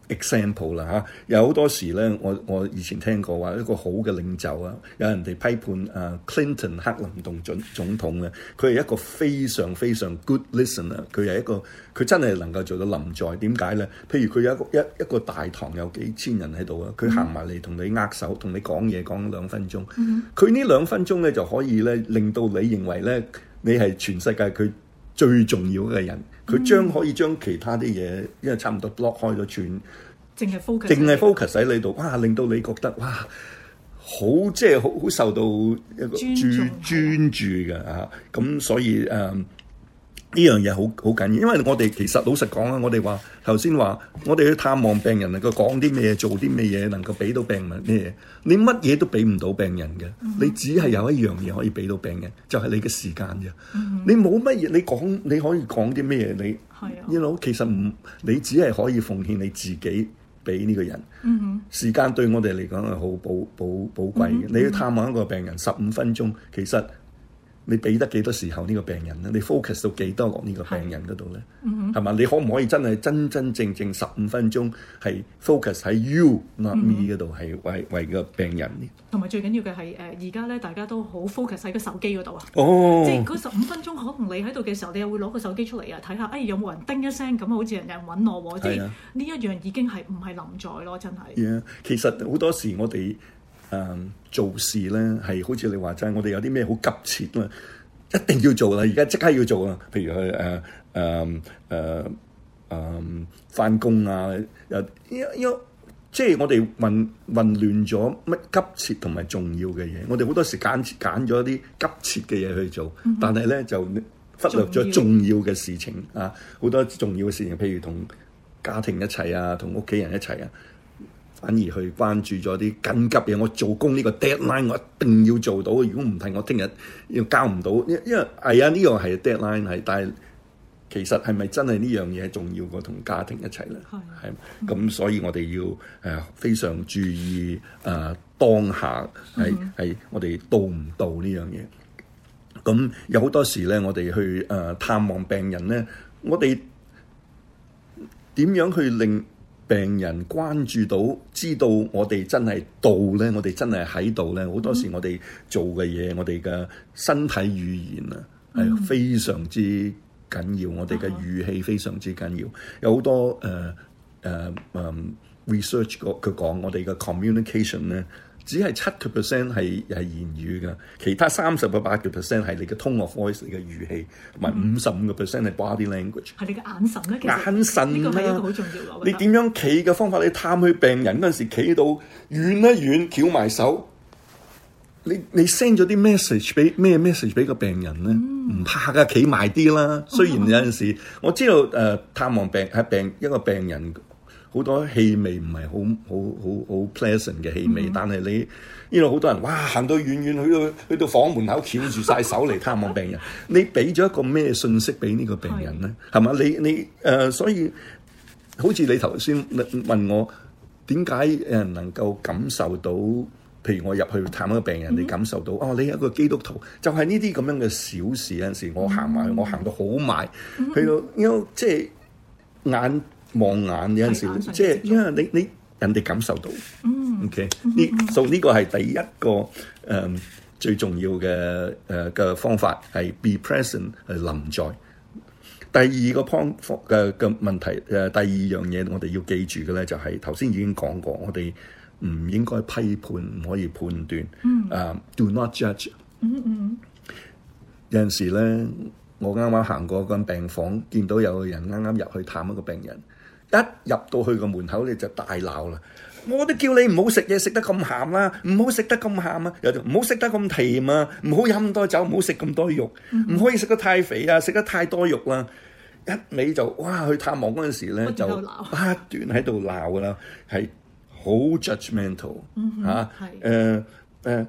Speaker 3: Example 啦，啊、嚇，有好多時咧，我我以前聽過話一個好嘅領袖啊，有人哋批判啊 Clinton 克林頓總總統咧，佢、啊、係一個非常非常 good listener，佢係一個佢真係能夠做到臨在。點解咧？譬如佢有一個一一個大堂有幾千人喺度啊，佢行埋嚟同你握手，同、mm hmm. 你講嘢講兩分鐘，佢呢、mm hmm. 兩分鐘咧就可以咧令到你認為咧你係全世界佢。最重要嘅人，佢將可以將其他啲嘢，因為差唔多 block 開咗轉，
Speaker 1: 淨係
Speaker 3: focus，淨係 focus 喺你度，嗯、哇！令到你覺得哇，好即係好好受到一個注專注嘅嚇，咁、啊、所以誒。嗯呢樣嘢好好緊要，因為我哋其實老實講啊，我哋話頭先話，我哋去探望病人能夠講啲咩嘢，做啲咩嘢，能夠畀到病人咩嘢。你乜嘢都畀唔到病人嘅，Mm hmm. 你只係有一樣嘢可以畀到病人，就係、是、你嘅時間啫。Mm hmm. 你冇乜嘢，你講你可以講啲咩嘢，你，你老。Mm hmm. You know, 其實唔，你只係可以奉獻你自己畀呢個人。Mm hmm. 時間對我哋嚟講係好寶、寶、寶、寶貴嘅。Mm hmm. 你要探望一個病人十五分鐘，其實。你俾得幾多時候呢個病人咧？你 focus 到幾多落呢個病人嗰度咧？係嘛？ 你可唔可以真係真真正正十五分鐘係 focus 喺 you not me 嗰度，係為為個病人咧？
Speaker 1: 同埋最緊要嘅係誒，而家咧大家都好 focus 喺個手機嗰度啊！哦、oh，即係嗰十五分鐘，可能你喺度嘅時候，你又會攞個手機出嚟啊，睇下誒有冇人叮一聲咁，好似有人揾我喎！啊、即係呢一樣已經係唔係臨在咯？真係。
Speaker 3: Yeah, 其實好多時我哋。誒做事咧係好似你話齋，我哋有啲咩好急切啊，一定要做啦！而家即刻要做啊，譬如誒誒誒誒誒返工啊，又即係我哋混混亂咗乜急切同埋重要嘅嘢，我哋好多時揀揀咗啲急切嘅嘢去做，嗯嗯但係咧就忽略咗重要嘅事情啊！好要多重要嘅事情，譬如同家庭一齊啊，同屋企人一齊啊。反而去關注咗啲緊急嘅。我做工呢個 deadline 我一定要做到，如果唔係我聽日要交唔到。因因為係啊，呢、哎、個係 deadline 係，但係其實係咪真係呢樣嘢重要過同家庭一齊咧？係是，咁嗎所以我哋要誒、呃、非常注意誒、呃、當下係係我哋到唔到呢樣嘢。咁有好多時咧，我哋去誒、呃、探望病人咧，我哋點樣去令？病人關注到，知道我哋真係到咧，我哋真係喺度咧。好多時我哋做嘅嘢，我哋嘅身體語言啊，係非常之緊要。Mm hmm. 我哋嘅語氣非常之緊要。有好多誒誒嗯 research 佢講，我哋嘅 communication 咧。只係七個 percent 係係言語㗎，其他三十個八個 percent 係你嘅 tone of voice，你嘅語氣，同埋五十五個 percent 係 body language。係你嘅
Speaker 1: 眼神咧，眼神、啊、呢個係一個好重要。你
Speaker 3: 點樣企嘅方法？你探去病人嗰陣時，企到遠一遠，翹埋手。你你 send 咗啲 message 畀咩 message 畀個病人呢？唔、嗯、怕㗎，企埋啲啦。嗯、雖然有陣時，我知道誒、呃、探望病係病，病一個病人。好多氣味唔係好好好好 pleasant 嘅氣味，mm hmm. 但係你呢度好多人，哇！行到遠遠去到去到房門口，攰住晒手嚟探望病人， 你俾咗一個咩信息俾呢個病人咧？係嘛？ 你你誒、呃，所以好似你頭先問我點解有人能夠感受到，譬如我入去探一個病人，mm hmm. 你感受到哦，你係一個基督徒，就係呢啲咁樣嘅小事有陣時，mm hmm. 我行埋，去，我行到好埋，去到因即係眼。望眼有陣時，即係、就是、因為你你，你人哋感受到、
Speaker 1: mm.，OK，
Speaker 3: 做呢個係第一個誒、呃、最重要嘅誒嘅方法係 be present 誒、呃、臨在。第二個 point 嘅嘅問題誒、呃，第二樣嘢我哋要記住嘅咧、就是，就係頭先已經講過，我哋唔應該批判，唔可以判斷，啊、mm hmm. 呃、do not judge、mm。
Speaker 1: Hmm.
Speaker 3: 有陣時咧，我啱啱行過間病房間，見到有個人啱啱入去探一個病人。一入到去個門口你就大鬧啦！我都叫你唔好食嘢，食得咁鹹啦，唔好食得咁鹹啊，又就唔好食得咁甜啊，唔好飲咁多酒，唔好食咁多肉，唔可以食得太肥啊，食得太多肉啦。一味就哇，去探望嗰陣時咧，就不斷喺度鬧啦，係好 judgmental 嚇、嗯，誒誒，啊、呃呃、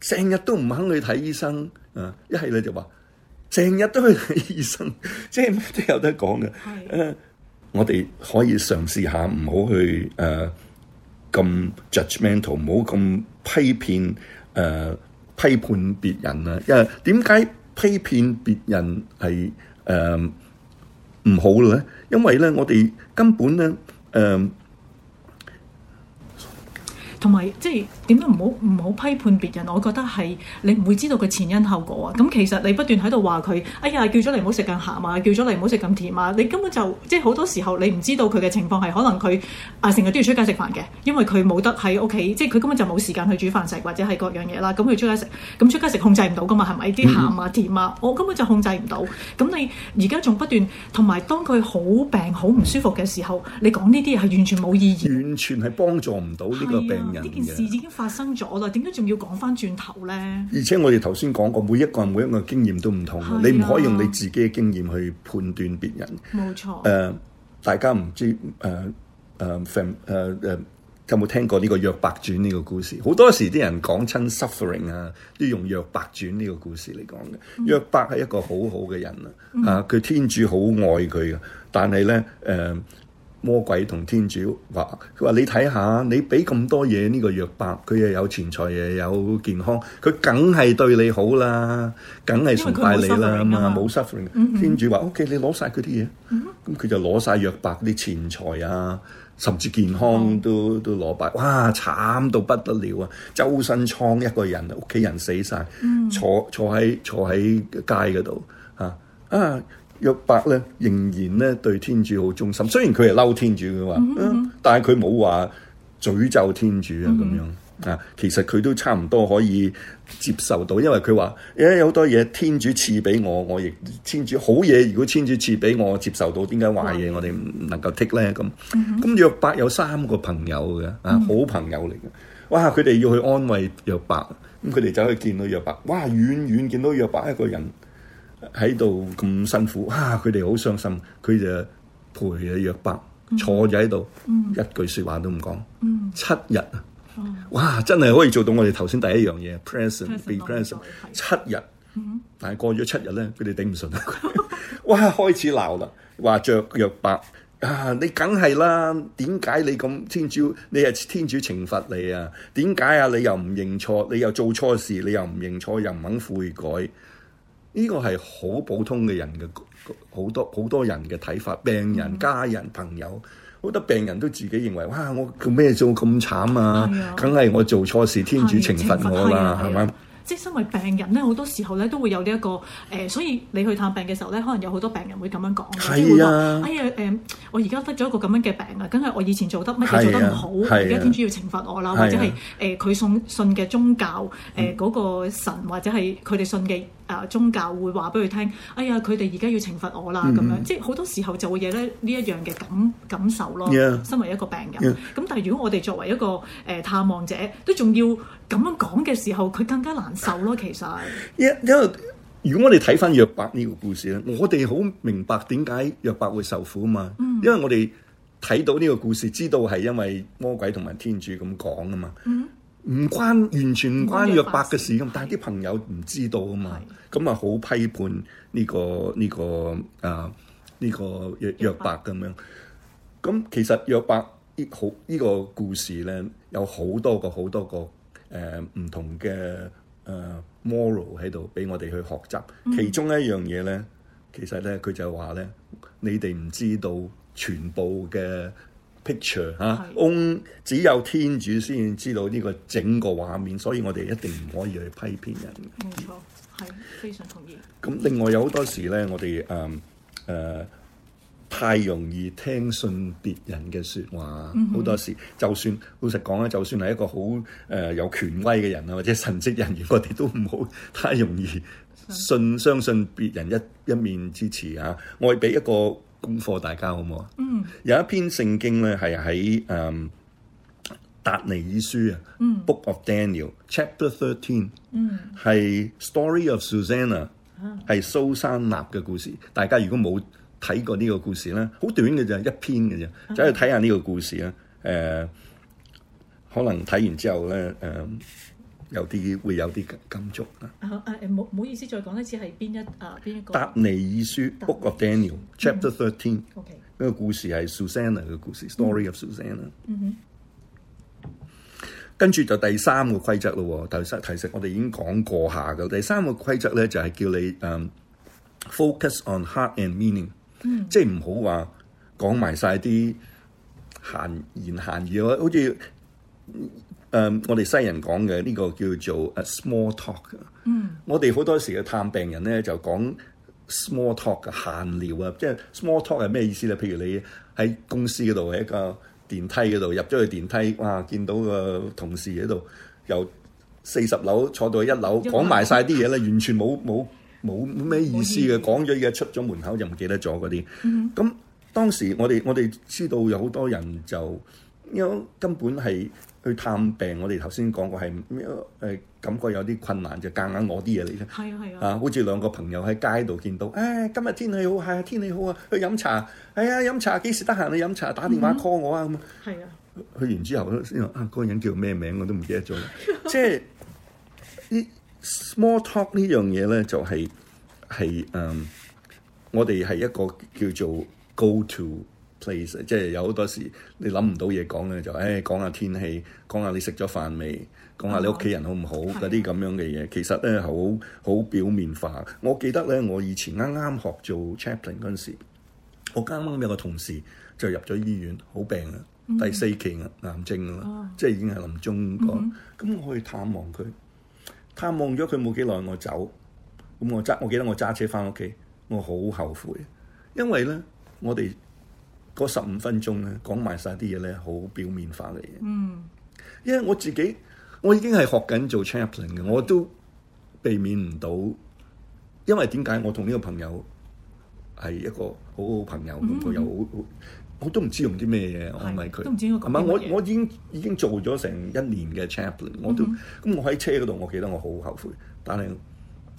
Speaker 3: 成日都唔肯去睇醫生啊。一係你就話，成日都去睇醫生，啊、即係都有得講嘅，誒的。啊啊啊我哋可以嘗試下，唔好去誒咁 judgmental 唔好咁批評誒批判別人啊！因為點解批評別人係誒唔好咧？因為咧，我哋根本咧誒。呃
Speaker 1: 同埋即係點都唔好唔好批判別人。我覺得係你唔會知道佢前因後果啊！咁其實你不斷喺度話佢，哎呀叫咗你唔好食咁鹹啊，叫咗你唔好食咁甜啊！你根本就即係好多時候你唔知道佢嘅情況係可能佢啊成日都要出街食飯嘅，因為佢冇得喺屋企，即係佢根本就冇時間去煮飯食或者係各樣嘢啦。咁佢出街食，咁出街食控制唔到㗎嘛？係咪啲鹹啊甜啊，我根本就控制唔到。咁你而家仲不斷同埋當佢好病好唔舒服嘅時候，你講呢啲係完全冇意
Speaker 3: 義，完全係幫助唔到呢個病。
Speaker 1: 呢件事已經發生咗啦，點
Speaker 3: 解仲要講翻轉頭咧？而且我哋頭先講過，每一個人每一個經驗都唔同，啊、你唔可以用你自己嘅經驗去判斷別人。
Speaker 1: 冇錯。誒
Speaker 3: ，uh, 大家唔知誒誒誒誒，uh, uh, uh, uh, 有冇聽過呢個約伯傳呢個故事？好多時啲人講親 suffering 啊，都用約伯傳呢個故事嚟講嘅。約伯係一個好好嘅人、嗯、啊，啊，佢天主好愛佢嘅，但係咧誒。Uh, 魔鬼同天主話：佢話你睇下，你俾咁多嘢呢、呢個約伯，佢又有錢財，又有健康，佢梗係對你好啦，梗係崇拜你啦冇 suffering。天主話：OK，你攞晒佢啲嘢，咁佢、mm hmm. 嗯、就攞晒約伯啲錢財啊，甚至健康都、mm hmm. 都攞曬。哇！慘到不得了啊！周身瘡一個人，屋企人死晒、mm hmm.，坐坐喺坐喺街嗰度啊啊！啊約伯咧仍然咧對天主好忠心，雖然佢係嬲天主嘅話，mm hmm. 但係佢冇話詛咒天主啊咁、mm hmm. 樣啊，其實佢都差唔多可以接受到，因為佢話，誒、欸、有好多嘢天主賜畀我，我亦天主好嘢，如果天主賜畀我，我接受到，點解壞嘢我哋唔能夠 take a 咧？咁咁約伯有三個朋友嘅、mm hmm. 啊，好朋友嚟嘅。哇！佢哋要去安慰約伯，咁佢哋走去見到約伯，哇！遠遠見到約伯一個人。喺度咁辛苦，哇！佢哋好傷心，佢就陪阿約伯坐咗喺度，嗯、一句說話都唔講。嗯、七日啊，哇！真係可以做到我哋頭先第一樣嘢 present be present 七日，嗯、但係過咗七日咧，佢哋頂唔順， 哇！開始鬧啦，話着約伯，啊，你梗係啦，點解你咁天主，你係天主懲罰你啊？點解啊？你又唔認錯，你又做錯事，你又唔認錯，又唔肯悔改。呢個係好普通嘅人嘅好多好多人嘅睇法，病人、家人、朋友，好、嗯、多病人都自己認為，哇！我做咩做咁慘啊？梗係、啊、我做錯事，天主懲罰我啦，係咪？啊啊、
Speaker 1: 吧即係身為病人咧，好多時候咧都會有呢、這、一個誒、呃，所以你去探病嘅時候咧，可能有好多病人會咁樣講，啊、即係會話哎呀誒、呃，我而家得咗一個咁樣嘅病啊，梗係我以前做得乜嘢做得唔好，而家、啊啊、天主要懲罰我啦，或者係誒佢信信嘅宗教誒嗰個神、呃、或者係佢哋信嘅。呃呃呃呃誒、啊、宗教會話俾佢聽，哎呀，佢哋而家要懲罰我啦，咁、mm hmm. 樣，即係好多時候就會惹得呢一樣嘅感感受咯。Yeah. 身為一個病人，咁 Yeah. 但係如果我哋作為一個誒、呃、探望者，都仲要咁樣講嘅時候，佢更加難受咯。其實，因、
Speaker 3: yeah, 因為如果我哋睇翻約伯呢個故事咧，我哋好明白點解約伯會受苦啊嘛。Mm hmm. 因為我哋睇到呢個故事，知道係因為魔鬼同埋天主咁講啊嘛。Mm hmm. 唔關，完全唔關約伯嘅事咁，事但係啲朋友唔知道啊嘛，咁啊好批判呢個呢個啊呢個約約伯咁樣。咁其實約伯依好呢個故事咧，有好多個好多個誒唔、呃、同嘅誒、呃、moral 喺度俾我哋去學習。嗯、其中一樣嘢咧，其實咧佢就話咧，你哋唔知道全部嘅。picture 嚇 o 的只有天主先知道呢個整個畫面，所以我哋一定唔可以去批評人。冇錯、
Speaker 2: 嗯，係非常
Speaker 3: 同意。咁另外有好多時咧，我哋誒誒太容易聽信別人嘅説話。好、嗯、哼多時，就算老實講咧，就算係一個好誒有權威嘅人啊，或者神職人員，我哋都唔好太容易信的相信別人一一面之詞嚇。我會俾一個。功課大家好唔好啊？Mm. 有一篇聖經咧係喺誒達尼爾書啊、mm.，Book of Daniel Chapter Thirteen，係 Story of Susanna，係蘇、mm. 珊娜嘅故事。大家如果冇睇過呢個故事咧，好短嘅就係一篇嘅啫，走去睇下呢個故事啦。誒、mm. 呃，可能睇完之後咧，誒、呃。有啲會有啲感觸啊！誒，唔好唔好意思，再
Speaker 1: 講一次係邊一啊？
Speaker 3: 邊一個？達尼爾書 Book of Daniel chapter thirteen。O K。呢個故事係 Susanna 嘅故事，story of Susanna。嗯哼。跟住就第三個規則咯。第三提示我哋已經講過下㗎。第三個規則咧就係叫你誒 focus on heart and meaning，即係唔好話講埋曬啲閒言閒語咯，好似。誒，um, 我哋西人講嘅呢個叫做誒 small talk。嗯，我哋好多時嘅探病人咧，就講 small talk 嘅閒聊啊，即係 small talk 係咩意思咧？譬如你喺公司嗰度，喺一個電梯嗰度入咗去電梯，哇！見到個同事喺度，由四十樓坐到去一樓，講埋晒啲嘢咧，完全冇冇冇咩意思嘅，講咗嘢出咗門口就唔記得咗嗰啲。咁當時我哋我哋知道有好多人就因為根本係。去探病，我哋頭先講過係咩？誒、呃、感覺有啲困難，就夾硬攞啲嘢嚟啫。係啊係啊！啊，啊，好似兩個朋友喺街度見到，誒、哎，今日天氣好，係啊天氣好啊，去飲茶。哎呀，飲茶幾時得閒你飲茶？打電話 call 我啊咁啊。係啊。去完之後先啊，嗰、嗰個人叫咩名我都唔記得咗。 即係呢 small talk 呢樣嘢咧，就係係誒，um, 我哋係一個叫做 go to。即係有好多時，你諗唔到嘢講咧，就誒講下天氣，講下你食咗飯未，講下你屋企人好唔好嗰啲咁樣嘅嘢。其實咧，好好表面化。我記得咧，我以前啱啱學做 Chaplain 嗰陣時，我啱啱有個同事就入咗醫院，好病啊，uh huh. 第四期嘅癌症啊，uh huh. 即係已經係臨終講。咁、uh huh. 我去探望佢，探望咗佢冇幾耐，我走。咁我揸，我記得我揸車返屋企，我好後悔，因為咧，我哋。嗰十五分鐘咧，講埋晒啲嘢咧，好表面化嚟嘅。嗯，因為我自己，我已經係學緊做 chaplain 嘅，我都避免唔到。因為點解我同呢個朋友係一個好好朋友咁。嗯、哼朋友好好，我都唔知用啲咩嘢。我安慰佢，都唔知我我已經已經做咗成一年嘅 chaplain，我都咁我喺車嗰度，我記得我好後悔，但係。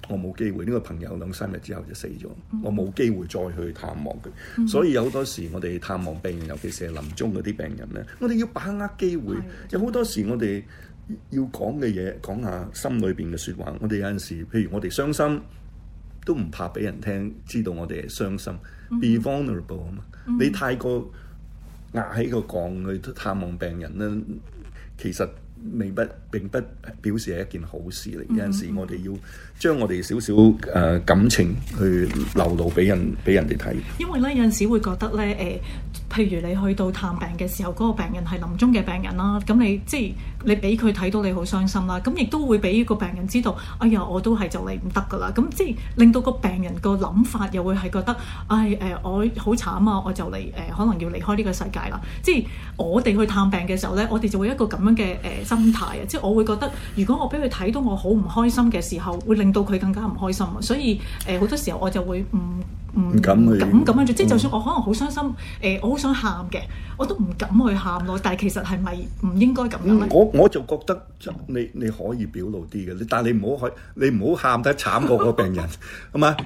Speaker 3: 我冇機會，呢個朋友兩三日之後就死咗，mm hmm. 我冇機會再去探望佢。Mm hmm. 所以有好多時，我哋探望病人，尤其是係臨終嗰啲病人咧，我哋要把握機會。Mm hmm. 有好多時，我哋要講嘅嘢，講下心裏邊嘅説話。我哋有陣時，譬如我哋傷心，都唔怕俾人聽，知道我哋係傷心。Mm hmm. Be vulnerable 啊嘛，mm hmm. 你太過壓喺個講去探望病人咧，其實。未必並不表示係一件好事嚟，嗯、哼有陣時我哋要將我哋少少誒感情去流露俾人，俾人哋睇。
Speaker 1: 因為咧，有陣時會覺得咧誒。欸譬如你去到探病嘅時候，嗰個病人係臨終嘅病人啦，咁你即係你俾佢睇到你好傷心啦，咁亦都會俾個病人知道，哎呀，我都係就嚟唔得噶啦，咁即係令到個病人個諗法又會係覺得，唉誒，我好慘啊，我就嚟誒可能要離開呢個世界啦。即係我哋去探病嘅時候呢，我哋就會一個咁樣嘅誒心態啊，即係我會覺得，如果我俾佢睇到我好唔開心嘅時候，會令到佢更加唔開心，所以誒好多時候我就會唔。嗯
Speaker 3: 唔敢去，咁咁樣即係就
Speaker 1: 算我可能好傷心，誒，我好想喊嘅，我都唔敢去喊咯。但係其實係咪唔應該咁
Speaker 3: 樣咧？我我就覺得，你你可以表露啲嘅，但係你唔好去，你唔好喊得慘過個病人，係咪？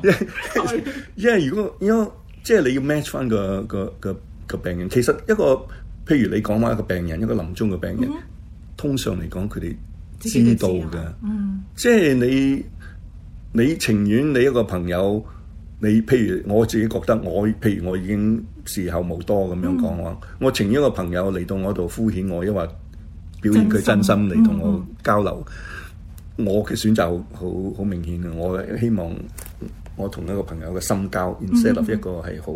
Speaker 3: 因為如果因即係你要 match 翻個個個個病人，其實一個譬如你講話一個病人，一個臨終嘅病人，通常嚟講佢哋知道㗎，即係你你情願你一個朋友。你譬如我自己覺得我，我譬如我已經時候冇多咁樣講話，嗯、我情願一個朋友嚟到我度敷衍我，抑或
Speaker 2: 表現佢真心嚟同我
Speaker 3: 交流。嗯、我嘅選擇好好明顯嘅，我希望我同一個朋友嘅深交 establish 一個係好。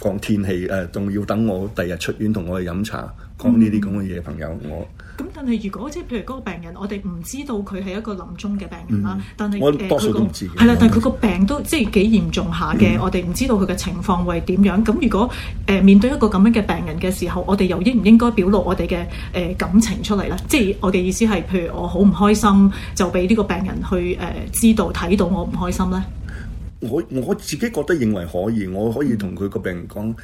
Speaker 3: 講天氣誒，仲、呃、要等我第日出院同我去飲茶，講呢啲咁嘅嘢，嗯、朋友我。
Speaker 1: 咁、嗯、但係如果即係譬如嗰個病人，我哋唔知道佢係一個臨終嘅病人啦，但係、嗯、我佢個係啦，但係佢個病都即係幾嚴重下嘅，我哋唔知道佢嘅情況會係點樣。咁如果誒、呃、面對一個咁樣嘅病人嘅時候，我哋又應唔應該表露我哋嘅誒感情出嚟咧？即係我嘅意思係，譬如我好唔開心，就俾呢個病人去誒、呃、知道睇到我唔開心咧。
Speaker 3: 我我自己覺得認為可以，我可以同佢個病人講：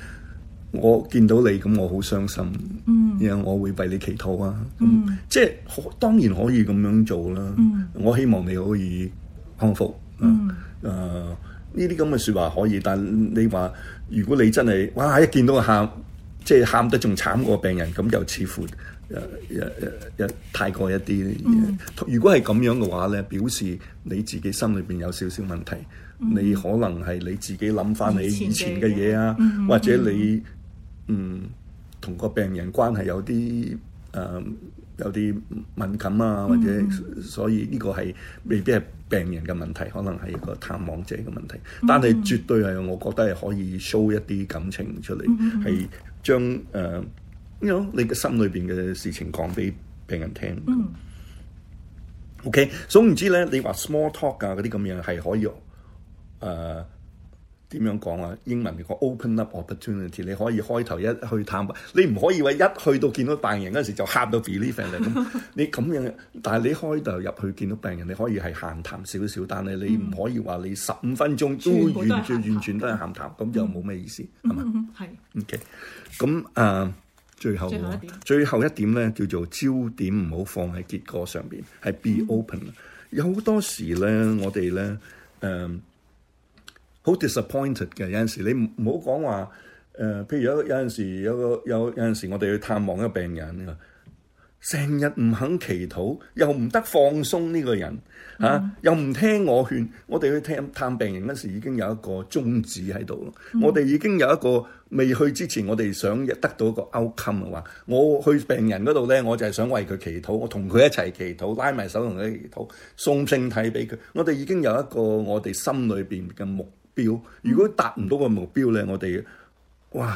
Speaker 3: 我見到你咁，我好傷心。嗯，然後我會為你祈禱啊。嗯，即係可當然可以咁樣做啦。我希望你可以康復。嗯、啊，誒呢啲咁嘅説話可以，但你話如果你真係哇一見到個喊，即係喊得仲慘過病人，咁又似乎誒誒誒太過一啲、啊、如果係咁樣嘅話咧，表示你自己心裏邊有少少問題。你可能係你自己諗翻你以前嘅嘢啊，或者你嗯同個、嗯、病人關係有啲誒、呃、有啲敏感啊，嗯、或者所以呢個係未必係病人嘅問題，可能係一個探望者嘅問題。但係絕對係，我覺得係可以 show 一啲感情出嚟，係將誒你嘅心裏邊嘅事情講俾病人聽。OK，總言之咧，你話 small talk 啊，啲咁樣係可以。誒，點、uh, 樣講啊？英文嚟講，open up opportunity，你可以開頭一去探談，你唔可以話一去到見到病人嗰陣時就吓到 believe in 咧。咁你咁樣，但係你開頭入去見到病人，你可以係閒談少少，但係你唔可以話你十五分鐘都完全、嗯、完全都係閒談，咁、嗯、就冇咩意思係嘛？係。OK，咁誒，uh, 最後，最後一點咧叫做焦點唔好放喺結果上邊，係 be open 了。 有好多時咧，我哋咧，誒、嗯。嗯好 disappointed 嘅，有陣時你唔好講話誒，譬如有有陣時有個有有陣時我哋去探望一個病人，成日唔肯祈禱，又唔得放鬆呢個人嚇，啊 mm. 又唔聽我勸。我哋去探探病人嗰時已經有一個宗旨喺度，mm. 我哋已經有一個未去之前，我哋想得到一個 outcome 話，我去病人嗰度咧，我就係想為佢祈禱，我同佢一齊祈禱，拉埋手同佢祈禱，送聖體俾佢。我哋已經有一個我哋心裏邊嘅目。標，如果達唔到個目標咧，我哋哇，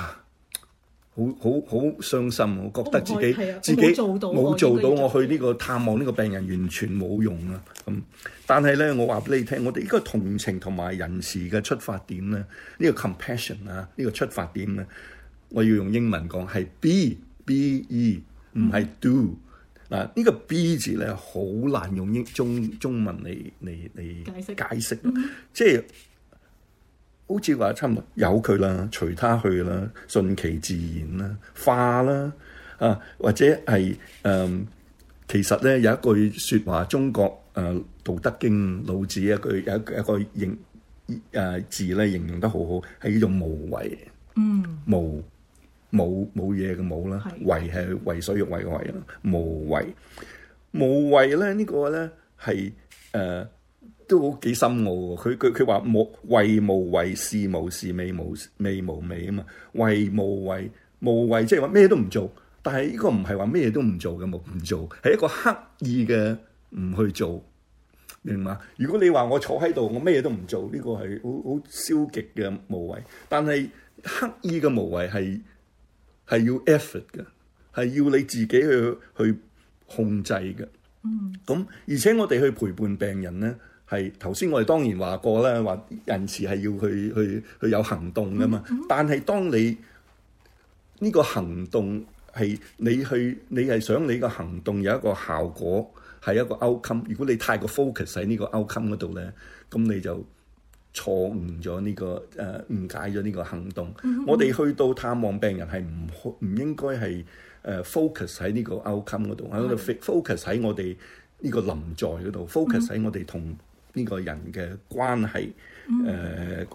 Speaker 3: 好好好傷心，我，我覺得自己自己冇做到，我，做到我去呢個探望呢個病人、嗯、完全冇用啊！咁、嗯，但係咧，我話俾你聽，我哋呢個同情同埋仁慈嘅出發點咧，呢、這個 compassion 啊，呢、這個出發點咧，我要用英文講係 B，B E 唔係 do 嗱呢、嗯、個 B 字咧，好難用英中中文嚟嚟嚟解釋解釋釋，嗯、即係。好似話差唔多由佢啦，隨他去啦，順其自然啦，化啦啊，或者係誒、嗯，其實咧有一句説話，中國誒、呃《道德經》老子一句有一個有一個形誒、呃、字咧，形容得好好，係叫做無為。嗯。無冇冇嘢嘅冇啦，為係為所欲為嘅為啦，無為無為咧呢、這個咧係誒。都好幾深奧喎！佢佢佢話無為無為，事無事，味無味無味啊嘛！為無為無為，即係話咩都唔做。但係呢個唔係話咩都唔做嘅冇唔做，係一個刻意嘅唔去做。明嘛？如果你話我坐喺度，我咩嘢都唔做，呢個係好好消極嘅無為。但係刻意嘅無為係係要 effort 嘅，係要你自己去去控制嘅。嗯。咁而且我哋去陪伴病人咧。係頭先我哋當然話過啦，話仁慈係要去去去有行動噶嘛。Mm hmm. 但係當你呢個行動係你去你係想你個行動有一個效果，係一個 outcome。如果你太過 focus 喺呢個 outcome 嗰度咧，咁你就錯誤咗呢、呢個誒、呃、誤解咗呢個行動。Mm hmm. 我哋去到探望病人係唔唔應該係誒 focus 喺呢個 outcome 嗰度，喺度 focus 喺我哋呢個臨在嗰度，focus 喺我哋同。呢個人嘅關係，誒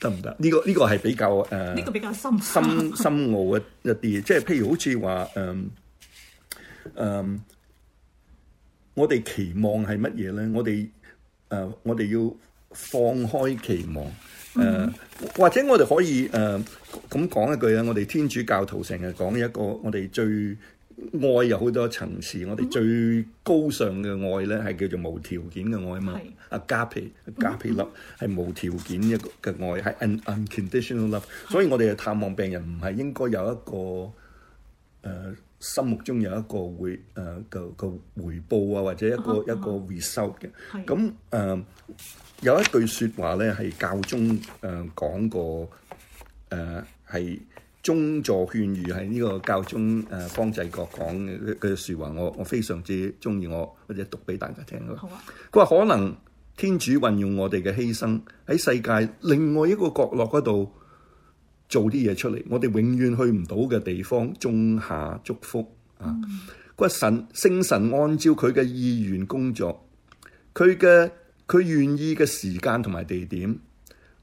Speaker 3: 得唔得？呢、呃這個呢、這個係比較誒，呢、呃、個比較深深深奧一一啲嘢，即係譬如好似話誒誒，我哋期望係乜嘢咧？我哋誒、呃、我哋要放開期望誒，呃嗯、哼或者我哋可以誒咁講一句啊！我哋天主教徒成日講一個我哋最。愛有好多層次，我哋最高尚嘅愛咧係叫做無條件嘅愛嘛。Agape，Agape love 係無條件一個嘅愛係 an unconditional love，所以我哋嘅探望病人唔係應該有一個誒心目中有一個會誒個個回報啊，或者一個一個 result 嘅。咁誒有一句説話咧係教宗誒講過誒係。宗座勸諭係呢個教宗誒方濟各講嘅嘅説話，我，我我非常之中意，我或者讀俾大家聽好佢、啊、話可能天主運用我哋嘅犧牲喺世界另外一個角落嗰度做啲嘢出嚟，我哋永遠去唔到嘅地方，種下祝福、嗯、啊！佢話神聖神按照佢嘅意願工作，佢嘅佢願意嘅時間同埋地點。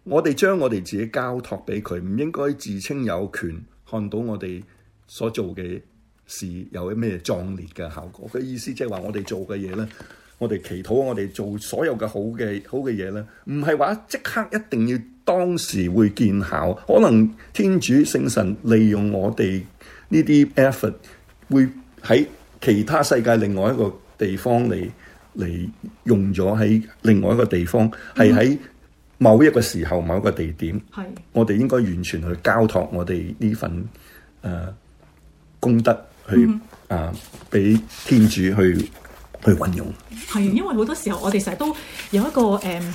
Speaker 3: 我哋將我哋自己交託畀佢，唔應該自稱有權看到我哋所做嘅事有啲咩壯烈嘅效果。嘅、那個、意思即係話，我哋做嘅嘢咧，我哋祈禱，我哋做所有嘅好嘅好嘅嘢咧，唔係話即刻一定要當時會見效。可能天主聖神利用我哋呢啲 effort，會喺其他世界另外一個地方嚟，嚟用咗喺另外一個地方，係喺、嗯。某一個時候，某一個地點，係，我哋應該完全去交託我哋呢份誒、呃、功德去啊，俾、嗯哼、呃、天主去去運用。
Speaker 1: 係因為好多時候，我哋成日都有一個誒，嗯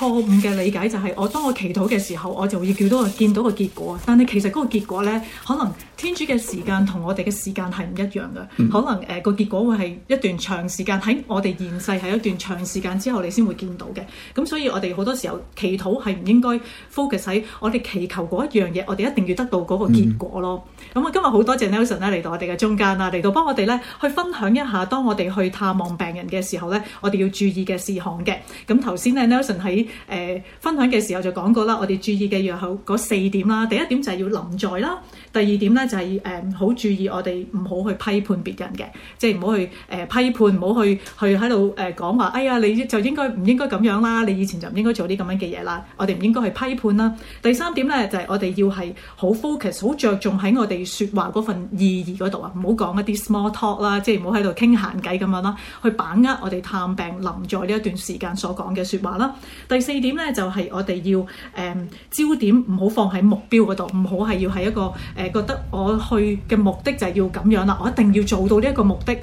Speaker 1: 錯誤嘅理解就係、是、我當我祈禱嘅時候，我就會叫到個見到個結果。但係其實嗰個結果咧，可能天主嘅時間同我哋嘅時間係唔一樣嘅。嗯、可能誒、呃、個結果會係一段長時間喺我哋現世係一段長時間之後，你先會見到嘅。咁所以我哋好多時候祈禱係唔應該 focus 喺我哋祈求嗰一樣嘢，我哋一定要得到嗰個結果咯。咁啊、嗯，我今日好多謝 Nelson 咧嚟到我哋嘅中間啦，嚟到幫我哋咧去分享一下，當我哋去探望病人嘅時候咧，我哋要注意嘅事項嘅。咁頭先咧，Nelson 喺誒、呃，分享嘅時候就講過啦，我哋注意嘅藥後嗰四點啦，第一點就係要臨在啦。第二點咧就係、是、誒、嗯、好注意我哋唔好去批判別人嘅，即係唔好去誒、呃、批判，唔好去去喺度誒講話，哎呀你就應該唔應該咁樣啦，你以前就唔應該做啲咁樣嘅嘢啦，我哋唔應該去批判啦。第三點咧就係、是、我哋要係好 focus，好着重喺我哋説話嗰份意義嗰度啊，唔好講一啲 small talk 啦，即係唔好喺度傾閒偈咁樣啦，去把握我哋探病臨在呢一段時間所講嘅説話啦。第四點咧就係、是、我哋要誒、嗯、焦點唔好放喺目標嗰度，唔好係要喺一個。誒覺得我去嘅目的就係要咁樣啦，我一定要做到呢一個目的。誒，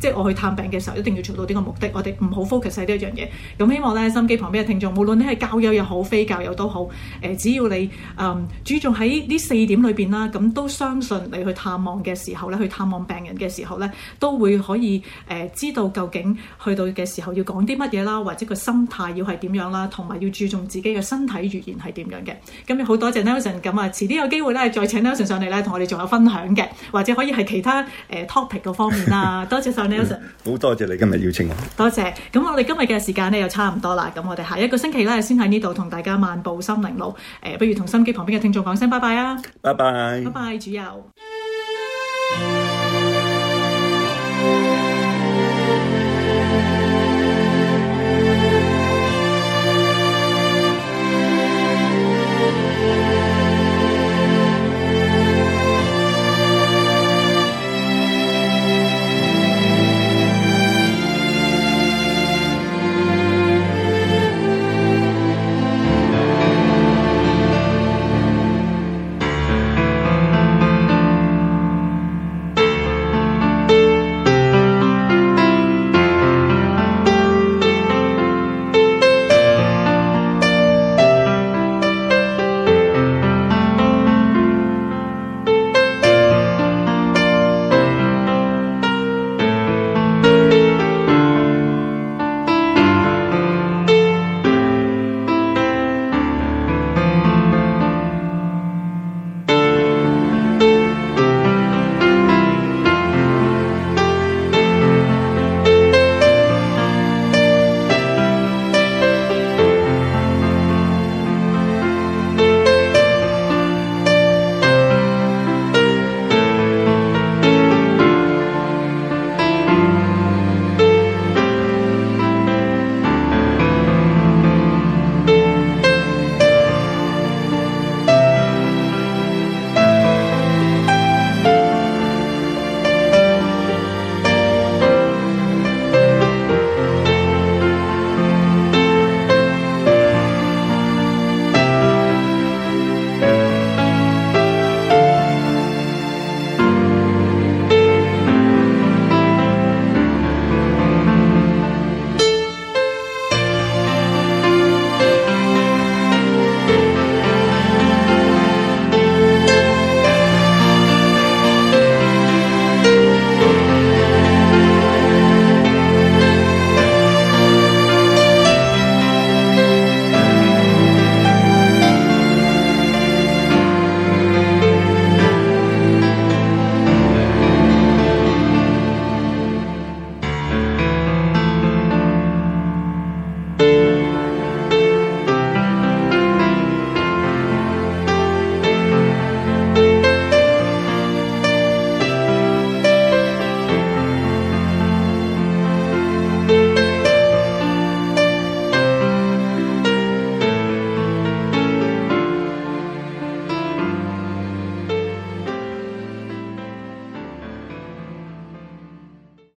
Speaker 1: 即係我去探病嘅時候，一定要做到呢個目的。我哋唔好 focus 喺呢一樣嘢。咁希望咧，心機旁邊嘅聽眾，無論你係教友又好，非教友都好，誒，只要你誒注重喺呢四點裏邊啦，咁都相信你去探望嘅時候咧，去探望病人嘅時候咧，都會可以誒知道究竟去到嘅時候要講啲乜嘢啦，或者個心態要係點樣啦，同埋要注重自己嘅身體語言係點樣嘅。咁好多謝 Nelson，咁啊，遲啲有機會咧再請 Nelson。上嚟咧，同我哋仲有分享嘅，或者可以係其他誒、呃、topic 個方面啦。 多謝曬，Nelson，
Speaker 3: 好多謝你今日邀請我。
Speaker 1: 多謝，咁我哋今日嘅時間咧又差唔多啦，咁我哋下一個星期咧先喺呢度同大家漫步心靈路誒、呃，不如同心機旁邊嘅聽眾講聲拜拜啊！
Speaker 3: 拜拜 Bye bye.，
Speaker 1: 拜拜，主 佑樂。